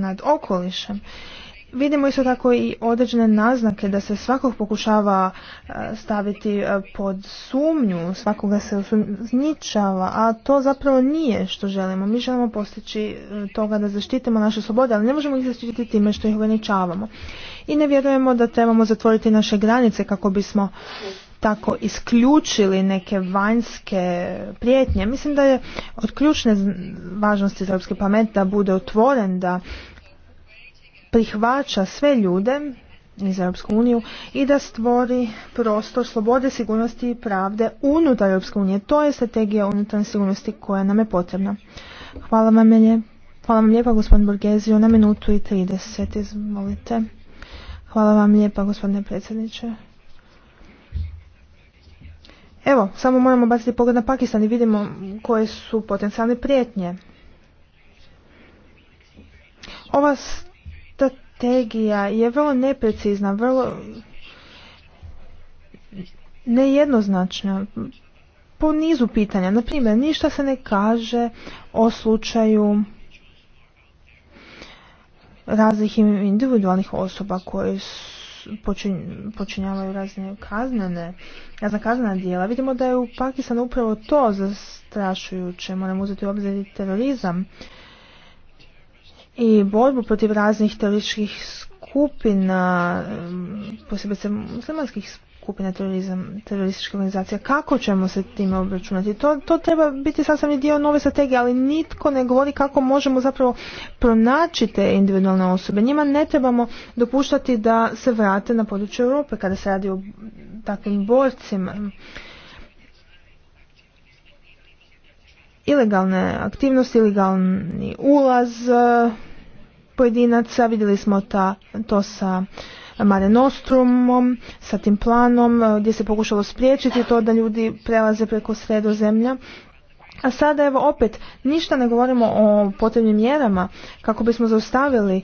nad okolišem. Vidimo isto tako i određene naznake da se svakog pokušava eh, staviti eh, pod sumnju, svakoga se zničava, a to zapravo nije što želimo. Mi želimo postići toga da zaštitimo naše slobode, ali ne možemo ih zaštititi time što ih ograničavamo. I ne vjerujemo da trebamo zatvoriti naše granice kako bismo tako isključili neke vanjske prijetnje. Mislim da je od ključne važnosti za Europski parlament da bude otvoren, da prihvaća sve ljude iz Europsku uniju i da stvori prostor slobode, sigurnosti i pravde unutar Europske unije. To je strategija unutarnje sigurnosti koja nam je potrebna. Hvala vam, je, hvala vam lijepa gospodin Borgezio na minutu i 30. Izvolite. Hvala vam lijepa gospodine predsjedniče. Evo, samo moramo baciti pogled na Pakistan i vidimo koje su potencijalne prijetnje. Ova strategija je vrlo neprecizna, vrlo nejednoznačna po nizu pitanja. Na primjer, ništa se ne kaže o slučaju raznih individualnih osoba koje su počinjavaju razne kaznene, razna kaznena dijela. Vidimo da je u Pakistanu upravo to zastrašujuće. Moramo uzeti u obzir terorizam i borbu protiv raznih terorističkih skupina, posebice muslimanskih skupina terorizam, teroristička organizacija. Kako ćemo se time obračunati? To, to treba biti sastavni dio nove strategije, ali nitko ne govori kako možemo zapravo pronaći te individualne osobe. Njima ne trebamo dopuštati da se vrate na područje Europe kada se radi o takvim borcima. Ilegalne aktivnosti, ilegalni ulaz eh, pojedinaca, vidjeli smo ta, to sa Mare Nostrumom, sa tim planom eh, gdje se pokušalo spriječiti to da ljudi prelaze preko sredozemlja. A sada evo opet ništa ne govorimo o potrebnim mjerama kako bismo zaustavili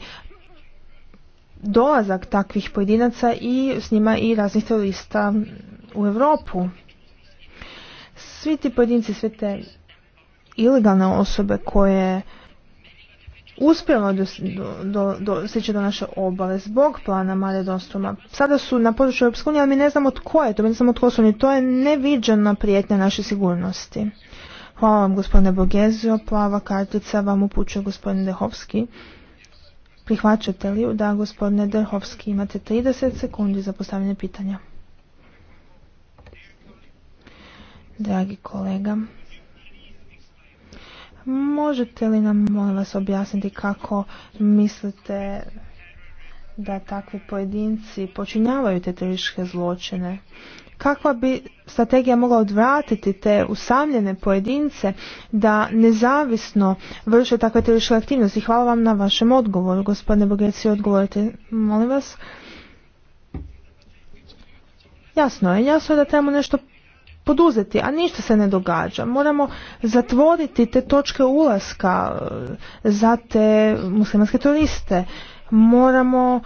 dolazak takvih pojedinaca i s njima i raznih terorista u Europu. Svi ti pojedinci, sve te ilegalne osobe koje uspjelo doseći do, naše obale zbog plana Mare Dostoma. Sada su na području EU ali mi ne znamo tko je to, mi ne znamo tko su oni. To je neviđena prijetnja naše sigurnosti. Hvala vam gospodine Bogezio, plava kartica vam upućuje gospodine Dehovski. Prihvaćate li ju? Da, gospodine Dehovski, imate 30 sekundi za postavljanje pitanja. Dragi kolega, Možete li nam, molim vas, objasniti kako mislite da takvi pojedinci počinjavaju te teške zločine? Kakva bi strategija mogla odvratiti te usamljene pojedince da nezavisno vrše takve terorističke aktivnosti? Hvala vam na vašem odgovoru, gospodine Bogeci, odgovorite, molim vas. Jasno je, jasno je da trebamo nešto poduzeti, a ništa se ne događa. Moramo zatvoriti te točke ulaska e, za te muslimanske turiste. Moramo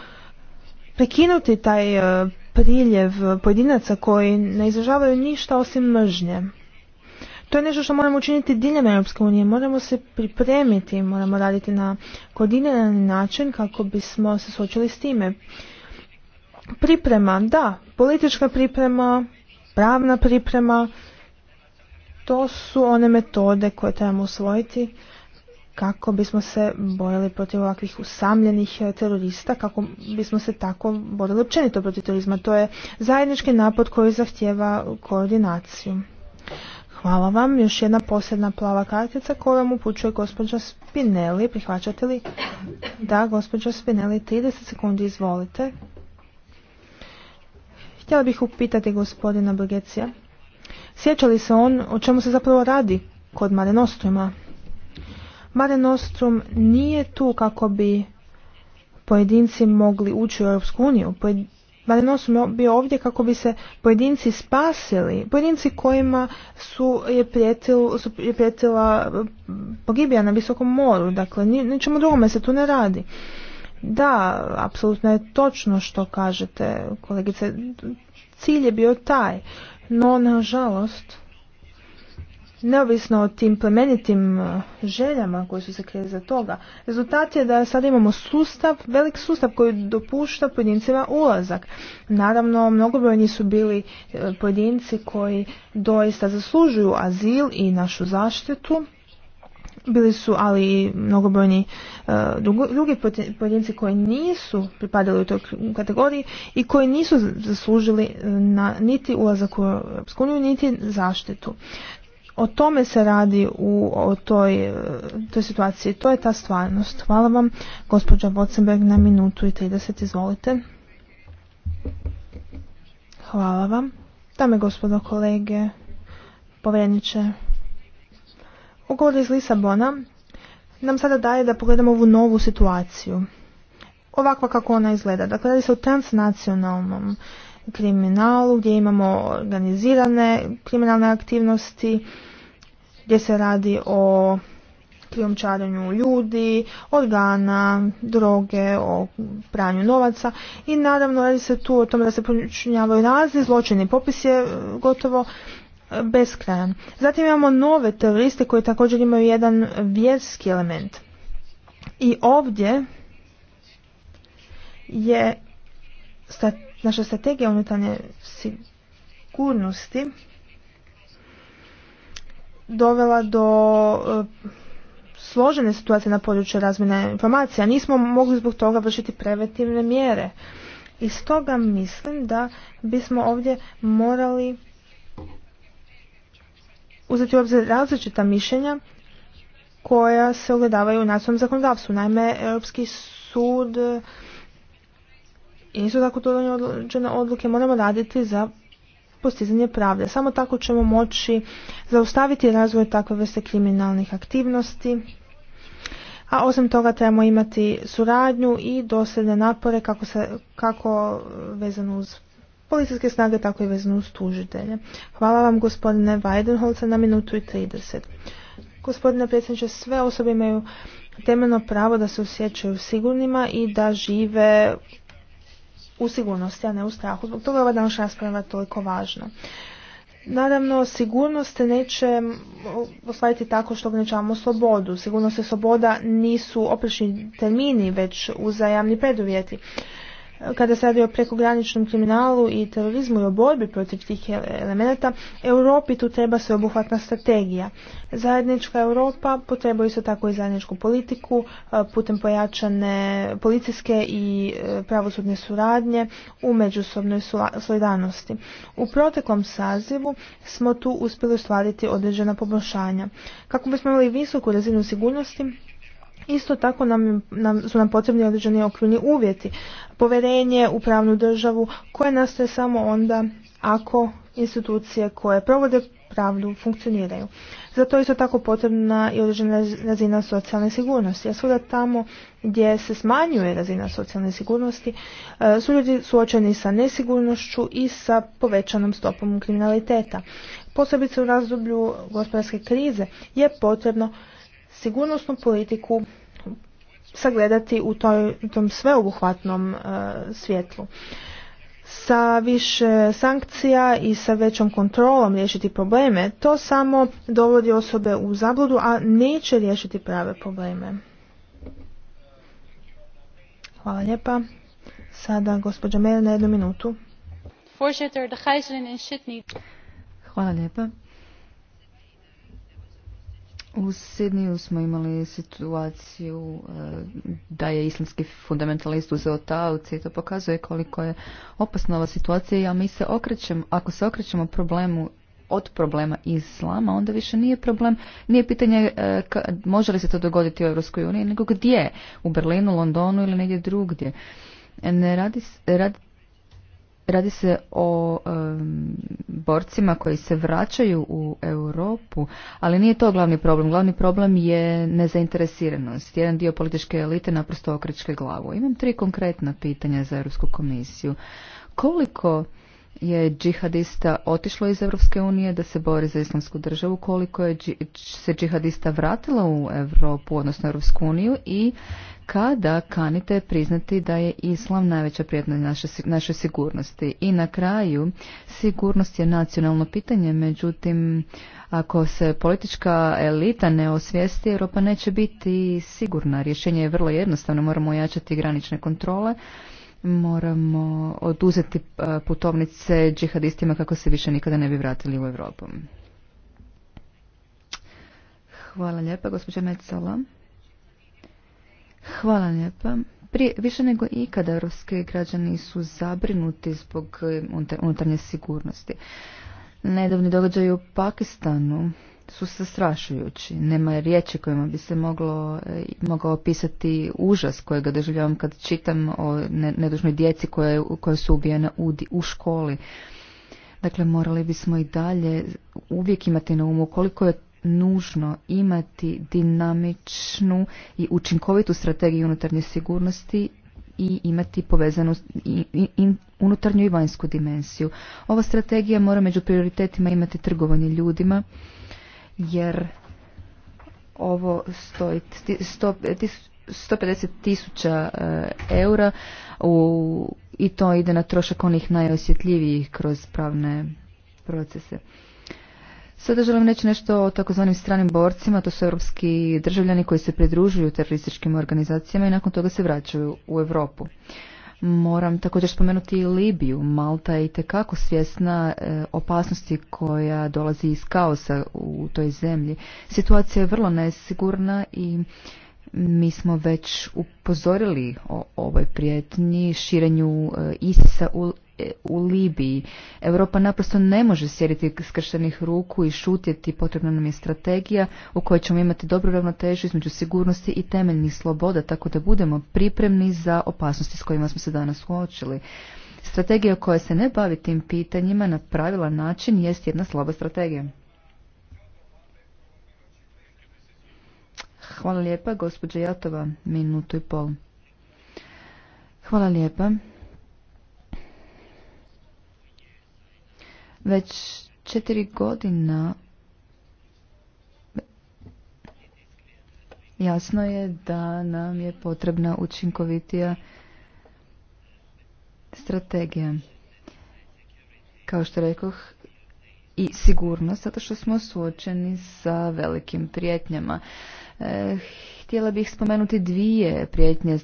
prekinuti taj e, priljev pojedinaca koji ne izražavaju ništa osim mržnje. To je nešto što moramo učiniti diljem Europske unije. Moramo se pripremiti, moramo raditi na koordiniran način kako bismo se suočili s time. Priprema, da, politička priprema, pravna priprema, to su one metode koje trebamo usvojiti kako bismo se borili protiv ovakvih usamljenih eh, terorista, kako bismo se tako borili općenito protiv terorizma. To je zajednički napad koji zahtjeva koordinaciju. Hvala vam. Još jedna posljedna plava kartica koju vam upućuje gospođa Spinelli. Prihvaćate li? Da, gospođa Spinelli, 30 sekundi, izvolite. Htjela bih upitati gospodina Brgecija, sjeća li se on o čemu se zapravo radi kod Mare Nostruma? Mare Nostrum nije tu kako bi pojedinci mogli ući u Europsku uniju. Mare Nostrum je bio ovdje kako bi se pojedinci spasili. Pojedinci kojima su je, su je prijetila e, pogibija na visokom moru. Dakle, ničemu drugome se tu ne radi. Da, apsolutno je točno što kažete, kolegice. Cilj je bio taj, no nažalost, neovisno o tim plemenitim eh, željama koji su se krije za toga, rezultat je da sad imamo sustav, velik sustav koji dopušta pojedincima ulazak. Naravno, mnogobrojni su bili eh, pojedinci koji doista zaslužuju azil i našu zaštitu, bili su ali i mnogobrojni e, drugi pojedinci koji nisu pripadali u toj kategoriji i koji nisu zaslužili e, na niti ulazak u Europsku niti zaštitu. O tome se radi u e, toj, situaciji. To je ta stvarnost. Hvala vam, gospođa Bocenberg, na minutu i 30. Izvolite. Hvala vam. Dame gospodo kolege, povredniče, Ugovor iz Lisabona nam sada daje da pogledamo ovu novu situaciju. Ovakva kako ona izgleda. Dakle, radi se o transnacionalnom kriminalu gdje imamo organizirane kriminalne aktivnosti, gdje se radi o krijumčarenju ljudi, organa, droge, o pranju novaca i naravno radi se tu o tome da se počinjavaju razni zločini. Popis je e, gotovo beskrajan. Zatim imamo nove teroriste koji također imaju jedan vjerski element. I ovdje je naša strategija unutarnje sigurnosti dovela do e, složene situacije na području razmjene informacija. Nismo mogli zbog toga vršiti preventivne mjere. I stoga mislim da bismo ovdje morali uzeti u obzir različita mišljenja koja se ogledavaju u nacionalnom zakonodavstvu. Naime, Europski sud i isto tako to odluke moramo raditi za postizanje pravde. Samo tako ćemo moći zaustaviti razvoj takve vrste kriminalnih aktivnosti. A osim toga trebamo imati suradnju i dosljedne napore kako, se, kako vezano uz policijske snage, tako i vezano uz tužitelje. Hvala vam gospodine Weidenholzer na minutu i 30. Gospodine predsjedniče, sve osobe imaju temeljno pravo da se osjećaju sigurnima i da žive u sigurnosti, a ne u strahu. Zbog toga je ova današnja rasprava toliko važna. Naravno, sigurnost se neće ostvariti tako što ograničavamo slobodu. Sigurnost i sloboda nisu oprečni termini, već uzajamni preduvjeti kada se radi o prekograničnom kriminalu i terorizmu i o borbi protiv tih elemenata, Europi tu treba sveobuhvatna strategija. Zajednička Europa potrebuje isto tako i zajedničku politiku e, putem pojačane policijske i e, pravosudne suradnje u međusobnoj solidarnosti. U proteklom sazivu smo tu uspjeli ostvariti određena poboljšanja. Kako bismo imali visoku razinu sigurnosti, isto tako nam, nam, su nam potrebni određeni okvirni uvjeti. povjerenje u pravnu državu koje nastaje samo onda ako institucije koje provode pravdu funkcioniraju. Zato je isto tako potrebna i određena razina socijalne sigurnosti. A svuda tamo gdje se smanjuje razina socijalne sigurnosti, e, su ljudi suočeni sa nesigurnošću i sa povećanom stopom kriminaliteta. Posebice u razdoblju gospodarske krize je potrebno sigurnosnu politiku sagledati u toj, tom sveobuhvatnom e, svjetlu. Sa više sankcija i sa većom kontrolom riješiti probleme, to samo dovodi osobe u zabludu, a neće riješiti prave probleme. Hvala lijepa. Sada gospođa Mer na jednu minutu. Hvala lijepa. U Sidniju smo imali situaciju e, da je islamski fundamentalist uzeo tauci i to pokazuje koliko je opasna ova situacija, a mi se okrećemo, ako se okrećemo problemu od problema islama, onda više nije problem, nije pitanje e, ka, može li se to dogoditi u Europskoj nego gdje, u Berlinu, Londonu ili negdje drugdje. E, ne radi, radi Radi se o borcima koji se vraćaju u Europu, ali nije to glavni problem. Glavni problem je nezainteresiranost. Jedan dio političke elite naprosto okreće glavu. Imam tri konkretna pitanja za Europsku komisiju. Koliko je džihadista otišlo iz Europske unije da se bori za islamsku državu, koliko je se džihadista vratilo u Europu, odnosno Europsku uniju i kada kanite priznati da je islam najveća prijetnja naše, naše sigurnosti. I na kraju, sigurnost je nacionalno pitanje, međutim, ako se politička elita ne osvijesti, Europa neće biti sigurna. Rješenje je vrlo jednostavno, moramo ojačati granične kontrole, moramo oduzeti e, putovnice džihadistima kako se više nikada ne bi vratili u Europu. Hvala lijepa, gospođa Mecala. Hvala lijepa. Prije, više nego ikada europski građani su zabrinuti zbog e, unutarnje sigurnosti. Nedavni događaj u Pakistanu su sastrašujući. Nema riječi kojima bi se moglo, e, mogao opisati užas kojega doživljavam kad čitam o nedužnoj djeci koje, koje su ubijena u, u školi. Dakle, morali bismo i dalje uvijek imati na umu koliko je nužno imati dinamičnu i učinkovitu strategiju unutarnje sigurnosti i imati povezanu i unutarnju i vanjsku dimenziju. Ova strategija mora među prioritetima imati trgovanje ljudima, jer ovo stoji 150 tisuća e, eura u, i to ide na trošak onih najosjetljivijih kroz pravne procese. Sada želim reći nešto o takozvanim stranim borcima, to su europski državljani koji se pridružuju terorističkim organizacijama i nakon toga se vraćaju u Europu. Moram također spomenuti i Libiju. Malta je itekako svjesna e, opasnosti koja dolazi iz kaosa u toj zemlji. Situacija je vrlo nesigurna i mi smo već upozorili o ovoj prijetnji širenju e, ISIS-a u, e, u Libiji. Europa naprosto ne može sjediti skrštenih ruku i šutjeti. Potrebna nam je strategija u kojoj ćemo imati dobru ravnotežu između sigurnosti i temeljnih sloboda, tako da budemo pripremni za opasnosti s kojima smo se danas suočili. Strategija koja se ne bavi tim pitanjima na pravilan način jest jedna slaba strategija. Hvala lijepa, gospođa Jatova, minutu i pol. Hvala lijepa. Već četiri godina jasno je da nam je potrebna učinkovitija strategija. Kao što rekoh, i sigurnost zato što smo suočeni sa velikim prijetnjama. E, htjela bih spomenuti dvije prijetnje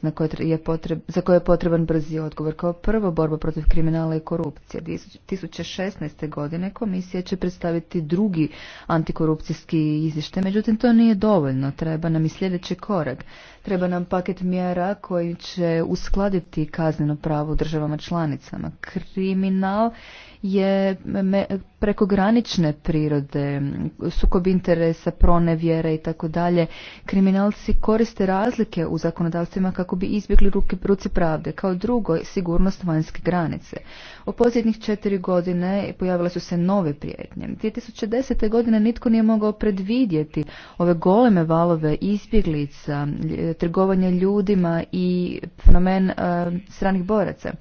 za koje je potreban brzi odgovor. Kao prvo, borba protiv kriminala i korupcije. 2016. godine komisija će predstaviti drugi antikorupcijski izvještaj, međutim to nije dovoljno, treba nam i sljedeći korak. Treba nam paket mjera koji će uskladiti kazneno pravo u državama članicama. Kriminal je prekogranične prirode, sukob interesa, pronevjere i tako dalje. Kriminalci koriste razlike u zakonodavstvima kako bi izbjegli ruci pravde. Kao drugo, sigurnost vanjske granice. U posljednjih četiri godine pojavile su se nove prijetnje. 2010. godine nitko nije mogao predvidjeti ove goleme valove izbjeglica, trgovanje ljudima i fenomen e, stranih boraca.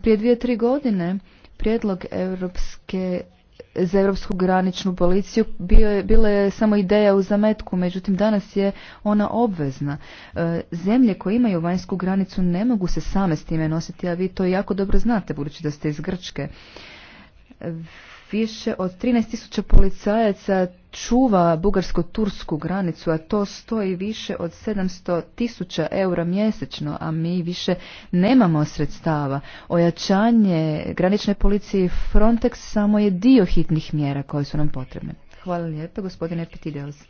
Prije dvije, tri godine prijedlog Europske za europsku graničnu policiju bio je, bila je samo ideja u zametku, međutim danas je ona obvezna. E, zemlje koje imaju vanjsku granicu ne mogu se same s time nositi, a vi to jako dobro znate budući da ste iz Grčke. Više od 13.000 policajaca čuva bugarsko-tursku granicu, a to stoji više od 700 tisuća eura mjesečno, a mi više nemamo sredstava. Ojačanje granične policije Frontex samo je dio hitnih mjera koje su nam potrebne. Hvala lijepo gospodine Petideos.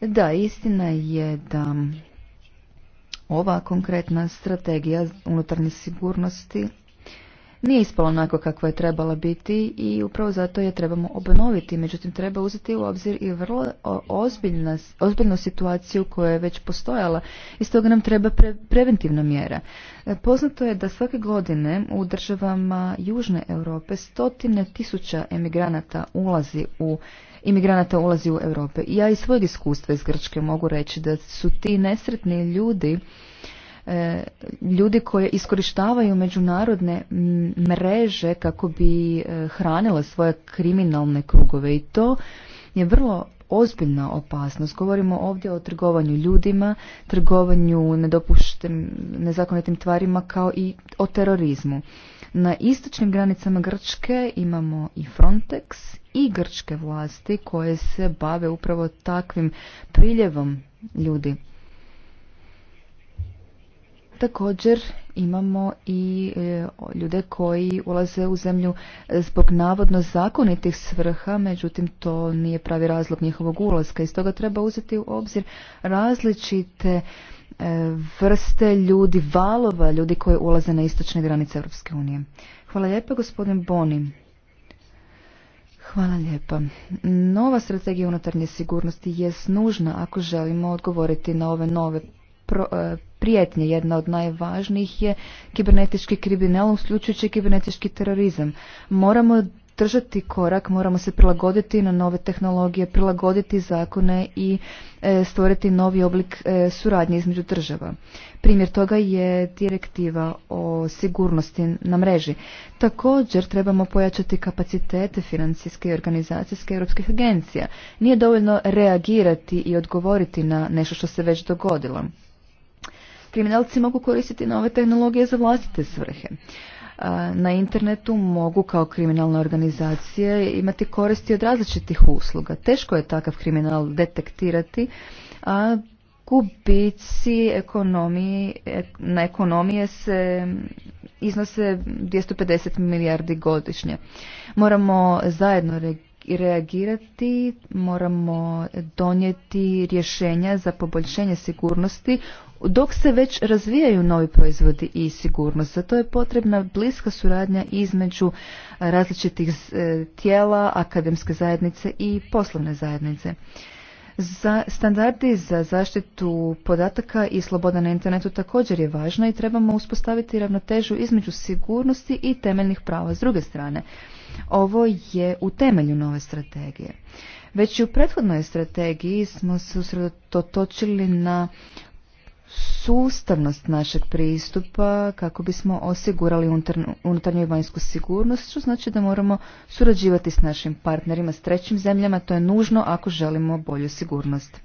Da, istina je da ova konkretna strategija unutarnje sigurnosti nije ispala onako kako je trebala biti i upravo zato je trebamo obnoviti. Međutim, treba uzeti u obzir i vrlo ozbiljna, ozbiljnu situaciju koja je već postojala i stoga nam treba preventivna mjera. E, poznato je da svake godine u državama Južne Europe stotine tisuća emigranata ulazi u imigranata ulazi u Europe. I ja iz svojeg iskustva iz Grčke mogu reći da su ti nesretni ljudi E, ljudi koji iskorištavaju međunarodne mreže kako bi e, hranile svoje kriminalne krugove i to je vrlo ozbiljna opasnost. Govorimo ovdje o trgovanju ljudima, trgovanju nezakonitim tvarima kao i o terorizmu. Na istočnim granicama Grčke imamo i Frontex i grčke vlasti koje se bave upravo takvim priljevom ljudi. Također imamo i e, ljude koji ulaze u zemlju e, zbog navodno zakonitih svrha, međutim to nije pravi razlog njihovog ulaska i stoga treba uzeti u obzir različite e, vrste ljudi, valova ljudi koji ulaze na istočne granice Europske unije. Hvala lijepa gospodin Boni. Hvala lijepa. Nova strategija unutarnje sigurnosti je nužna ako želimo odgovoriti na ove nove prijetnje. Jedna od najvažnijih je kibernetički kriminal, uključujući kibernetički terorizam. Moramo držati korak, moramo se prilagoditi na nove tehnologije, prilagoditi zakone i e, stvoriti novi oblik e, suradnje između država. Primjer toga je direktiva o sigurnosti na mreži. Također trebamo pojačati kapacitete financijske i organizacijske europskih agencija. Nije dovoljno reagirati i odgovoriti na nešto što se već dogodilo kriminalci mogu koristiti nove tehnologije za vlastite svrhe. Na internetu mogu kao kriminalne organizacije imati koristi od različitih usluga. Teško je takav kriminal detektirati, a gubici ekonomiji, na ekonomije se iznose 250 milijardi godišnje. Moramo zajedno reagirati, moramo donijeti rješenja za poboljšanje sigurnosti dok se već razvijaju novi proizvodi i sigurnost. Za to je potrebna bliska suradnja između e, različitih e, tijela, akademske zajednice i poslovne zajednice. Za standardi za zaštitu podataka i sloboda na internetu također je važna i trebamo uspostaviti ravnotežu između sigurnosti i temeljnih prava s druge strane. Ovo je u temelju nove strategije. Već i u prethodnoj strategiji smo se usredotočili na sustavnost našeg pristupa kako bismo osigurali unutarnju, i vanjsku sigurnost, što znači da moramo surađivati s našim partnerima, s trećim zemljama, to je nužno ako želimo bolju sigurnost.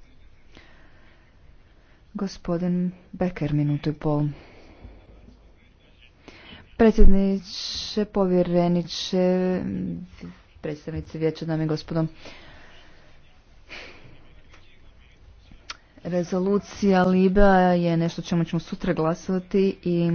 Gospodin Becker, minutu i pol. Predsjedniče, povjereniče, predstavnici vijeća, dame i gospodom, Rezolucija Liba je nešto čemu ćemo sutra glasovati i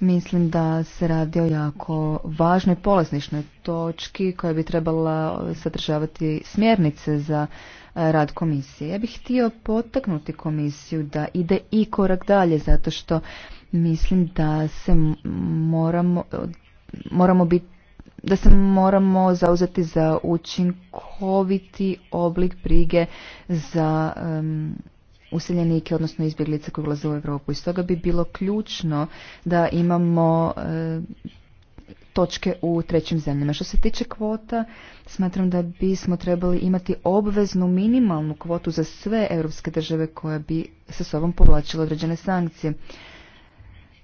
mislim da se radi o jako važnoj polazničnoj točki koja bi trebala sadržavati smjernice za e, rad komisije. Ja bih htio potaknuti komisiju da ide i korak dalje zato što mislim da se moramo, moramo biti da se moramo zauzeti za učinkoviti oblik brige za useljenike, odnosno izbjeglice koji ulaze u Europu. I stoga bi bilo ključno da imamo točke u trećim zemljama. Što se tiče kvota, smatram da bismo trebali imati obveznu minimalnu kvotu za sve europske države koja bi sa sobom povlačila određene sankcije.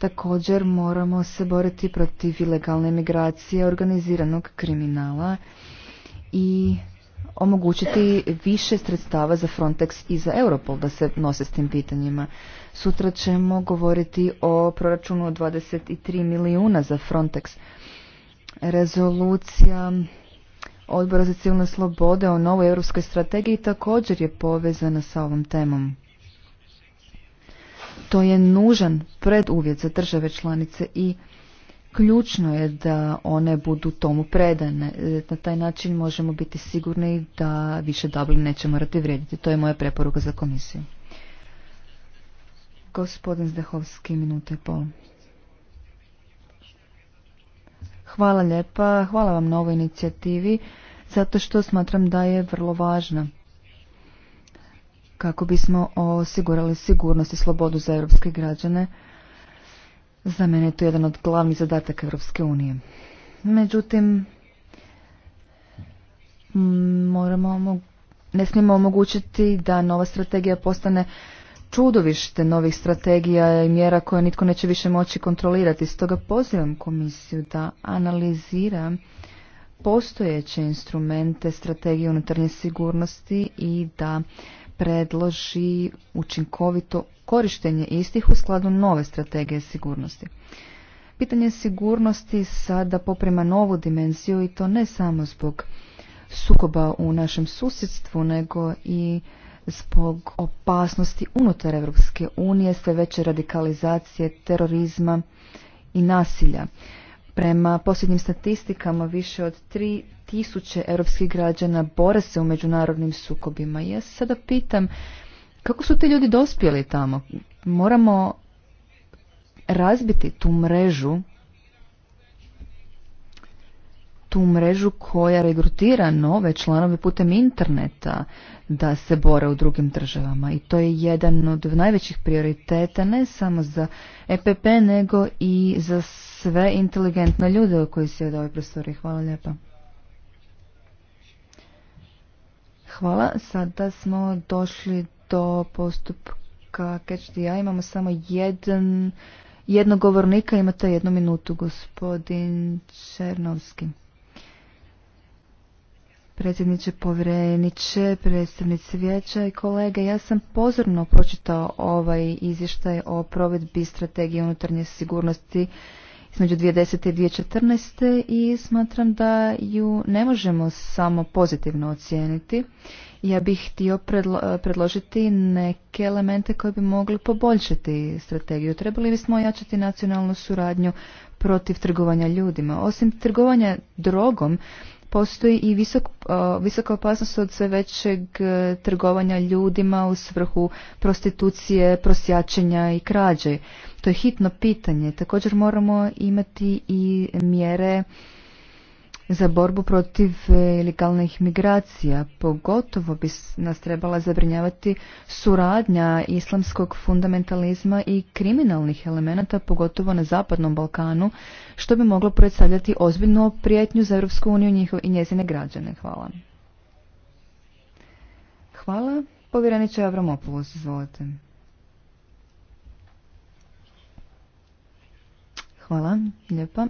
Također moramo se boriti protiv ilegalne migracije, organiziranog kriminala i omogućiti više sredstava za Frontex i za Europol da se nose s tim pitanjima. Sutra ćemo govoriti o proračunu od 23 milijuna za Frontex. Rezolucija Odbora za civilne slobode o novoj europskoj strategiji također je povezana sa ovom temom. To je nužan preduvjet za države članice i ključno je da one budu tomu predane. E, na taj način možemo biti sigurni da više Dublin neće morati vrijediti. To je moja preporuka za komisiju. Gospodin Zdehovski, minuta i pol. Hvala lijepa, hvala vam na ovoj inicijativi, zato što smatram da je vrlo važna kako bismo osigurali sigurnost i slobodu za europske građane. Za mene je to jedan od glavnih zadataka Europske unije. Međutim, moramo ne smijemo omogućiti da nova strategija postane čudovište novih strategija i mjera koje nitko neće više moći kontrolirati. Stoga pozivam komisiju da analizira postojeće instrumente strategije unutarnje sigurnosti i da predloži učinkovito korištenje istih u skladu nove strategije sigurnosti. Pitanje sigurnosti sada poprima novu dimenziju i to ne samo zbog sukoba u našem susjedstvu, nego i zbog opasnosti unutar Europske unije, sve veće radikalizacije, terorizma i nasilja. Prema posljednjim statistikama više od tri tisuće europskih građana bore se u međunarodnim sukobima. Ja se sada pitam kako su ti ljudi dospjeli tamo? Moramo razbiti tu mrežu tu mrežu koja regrutira nove članove putem interneta da se bore u drugim državama i to je jedan od najvećih prioriteta ne samo za EPP nego i za sve inteligentne ljude koji se od ovoj prostori. Hvala lijepa. Hvala. Sada smo došli do postupka Catch the Eye. Imamo samo jedan, jednog govornika. Imate jednu minutu, gospodin Černovski predsjedniče povjereniče, predstavnici vijeća i kolege. Ja sam pozorno pročitao ovaj izvještaj o provedbi strategije unutarnje sigurnosti između 2010. i 2014. i smatram da ju ne možemo samo pozitivno ocijeniti. Ja bih htio predložiti neke elemente koje bi mogli poboljšati strategiju. Trebali bismo ojačati nacionalnu suradnju protiv trgovanja ljudima. Osim trgovanja drogom, postoji i visok, visoka opasnost od sve većeg e, trgovanja ljudima u svrhu prostitucije, prosjačenja i krađe. To je hitno pitanje. Također moramo imati i mjere za borbu protiv e, ilegalnih migracija. Pogotovo bi nas trebala zabrinjavati suradnja islamskog fundamentalizma i kriminalnih elemenata, pogotovo na Zapadnom Balkanu, što bi moglo predstavljati ozbiljnu prijetnju za Europsku uniju i njezine građane. Hvala. Hvala. Povjereniče Avramopoulos, izvolite. Hvala, lijepa.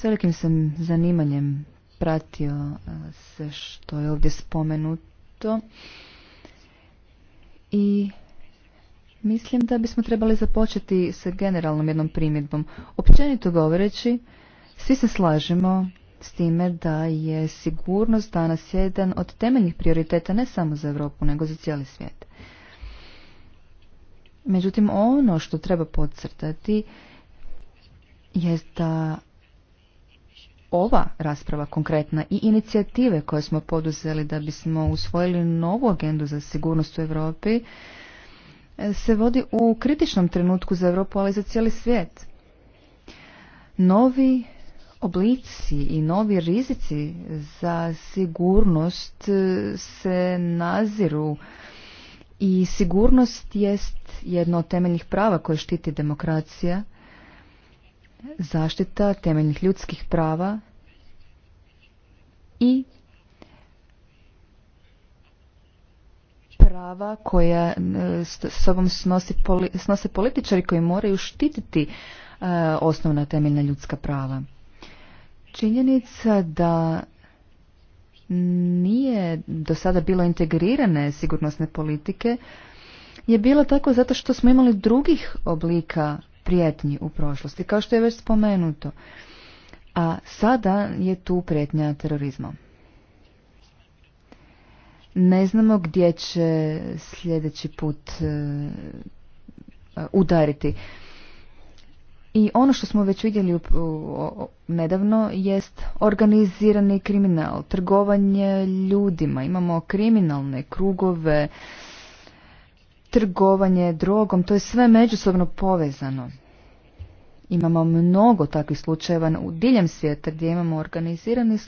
S velikim sam zanimanjem pratio se što je ovdje spomenuto i mislim da bismo trebali započeti sa generalnom jednom primjedbom. Općenito govoreći, svi se slažemo s time da je sigurnost danas jedan od temeljnih prioriteta ne samo za Europu nego za cijeli svijet. Međutim, ono što treba podcrtati je da ova rasprava konkretna i inicijative koje smo poduzeli da bismo usvojili novu agendu za sigurnost u Europi e, se vodi u kritičnom trenutku za Europu, ali i za cijeli svijet. Novi oblici i novi rizici za sigurnost e, se naziru i sigurnost jest jedno od temeljnih prava koje štiti demokracija zaštita temeljnih ljudskih prava i prava koja e, s sobom snosi, snose političari koji moraju štititi e, osnovna temeljna ljudska prava. Činjenica da nije do sada bilo integrirane sigurnosne politike je bilo tako zato što smo imali drugih oblika prijetnji u prošlosti, kao što je već spomenuto. A sada je tu prijetnja terorizmom. Ne znamo gdje će sljedeći put e, udariti. I ono što smo već vidjeli nedavno jest organizirani kriminal, trgovanje ljudima, imamo kriminalne krugove, trgovanje drogom, to je sve međusobno povezano. Imamo mnogo takvih slučajeva u diljem svijeta gdje imamo organizirani,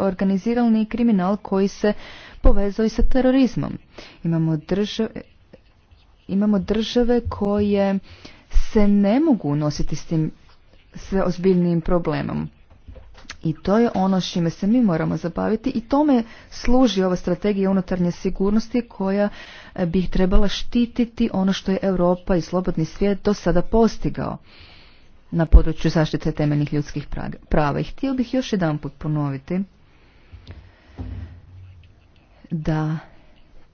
organizirani kriminal koji se povezao i sa terorizmom. Imamo države, imamo države koje se ne mogu nositi s tim sve ozbiljnijim problemom. I to je ono s čime se mi moramo zabaviti i tome služi ova strategija unutarnje sigurnosti koja eh, bi trebala štititi ono što je Europa i slobodni svijet do sada postigao na području zaštite temeljnih ljudskih prava. I htio bih još jedanput put ponoviti da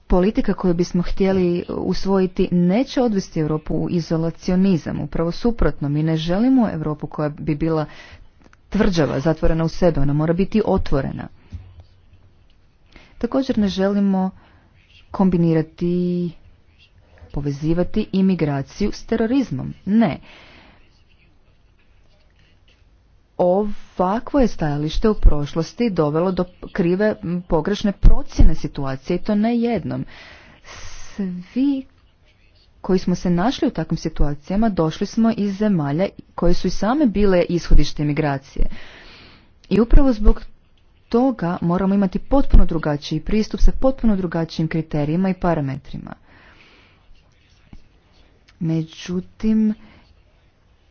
politika koju bismo htjeli usvojiti neće odvesti Europu u izolacionizam, upravo suprotno. Mi ne želimo Europu koja bi bila tvrđava, zatvorena u sebe, ona mora biti otvorena. Također ne želimo kombinirati, povezivati imigraciju s terorizmom. Ne, ovakvo je stajalište u prošlosti dovelo do krive pogrešne procjene situacije i to ne jednom. Svi koji smo se našli u takvim situacijama došli smo iz zemalja koje su i same bile ishodište migracije. I upravo zbog toga moramo imati potpuno drugačiji pristup sa potpuno drugačijim kriterijima i parametrima. Međutim,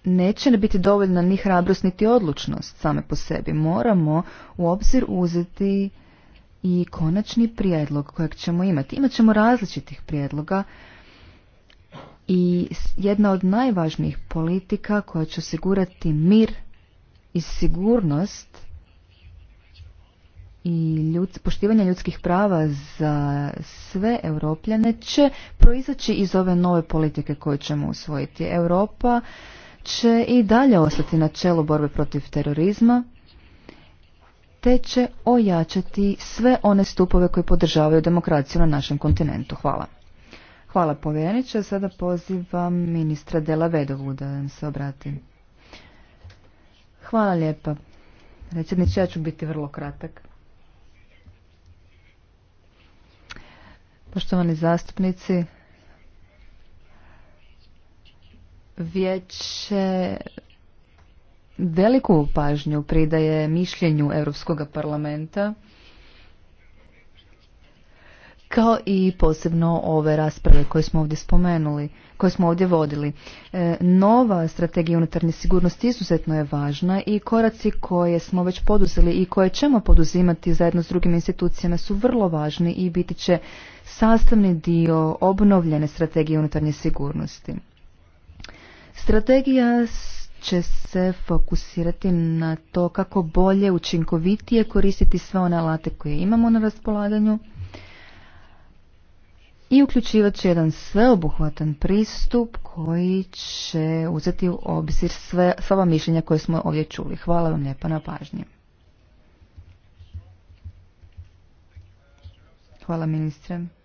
neće ne biti dovoljna ni hrabrost niti odlučnost same po sebi. Moramo u obzir uzeti i konačni prijedlog kojeg ćemo imati. Imaćemo različitih prijedloga i jedna od najvažnijih politika koja će osigurati mir i sigurnost i ljud, poštivanje ljudskih prava za sve europljane će proizaći iz ove nove politike koju ćemo usvojiti. Europa će i dalje ostati na čelu borbe protiv terorizma, te će ojačati sve one stupove koji podržavaju demokraciju na našem kontinentu. Hvala. Hvala povjereniče. Sada pozivam ministra Dela Vedovu da vam se obrati. Hvala lijepa. Predsjedniče, ja ću biti vrlo kratak. Poštovani zastupnici, Vijeće veliku pažnju pridaje mišljenju Europskog parlamenta kao i posebno ove rasprave koje smo ovdje spomenuli, koje smo ovdje vodili. E, nova strategija unutarnje sigurnosti izuzetno je važna i koraci koje smo već poduzeli i koje ćemo poduzimati zajedno s drugim institucijama su vrlo važni i biti će sastavni dio obnovljene strategije unutarnje sigurnosti. Strategija će se fokusirati na to kako bolje, učinkovitije koristiti sve one alate koje imamo na raspolaganju i uključivat će jedan sveobuhvatan pristup koji će uzeti u obzir sve, sva mišljenja koje smo ovdje čuli. Hvala vam lijepa na pažnji. Hvala ministre.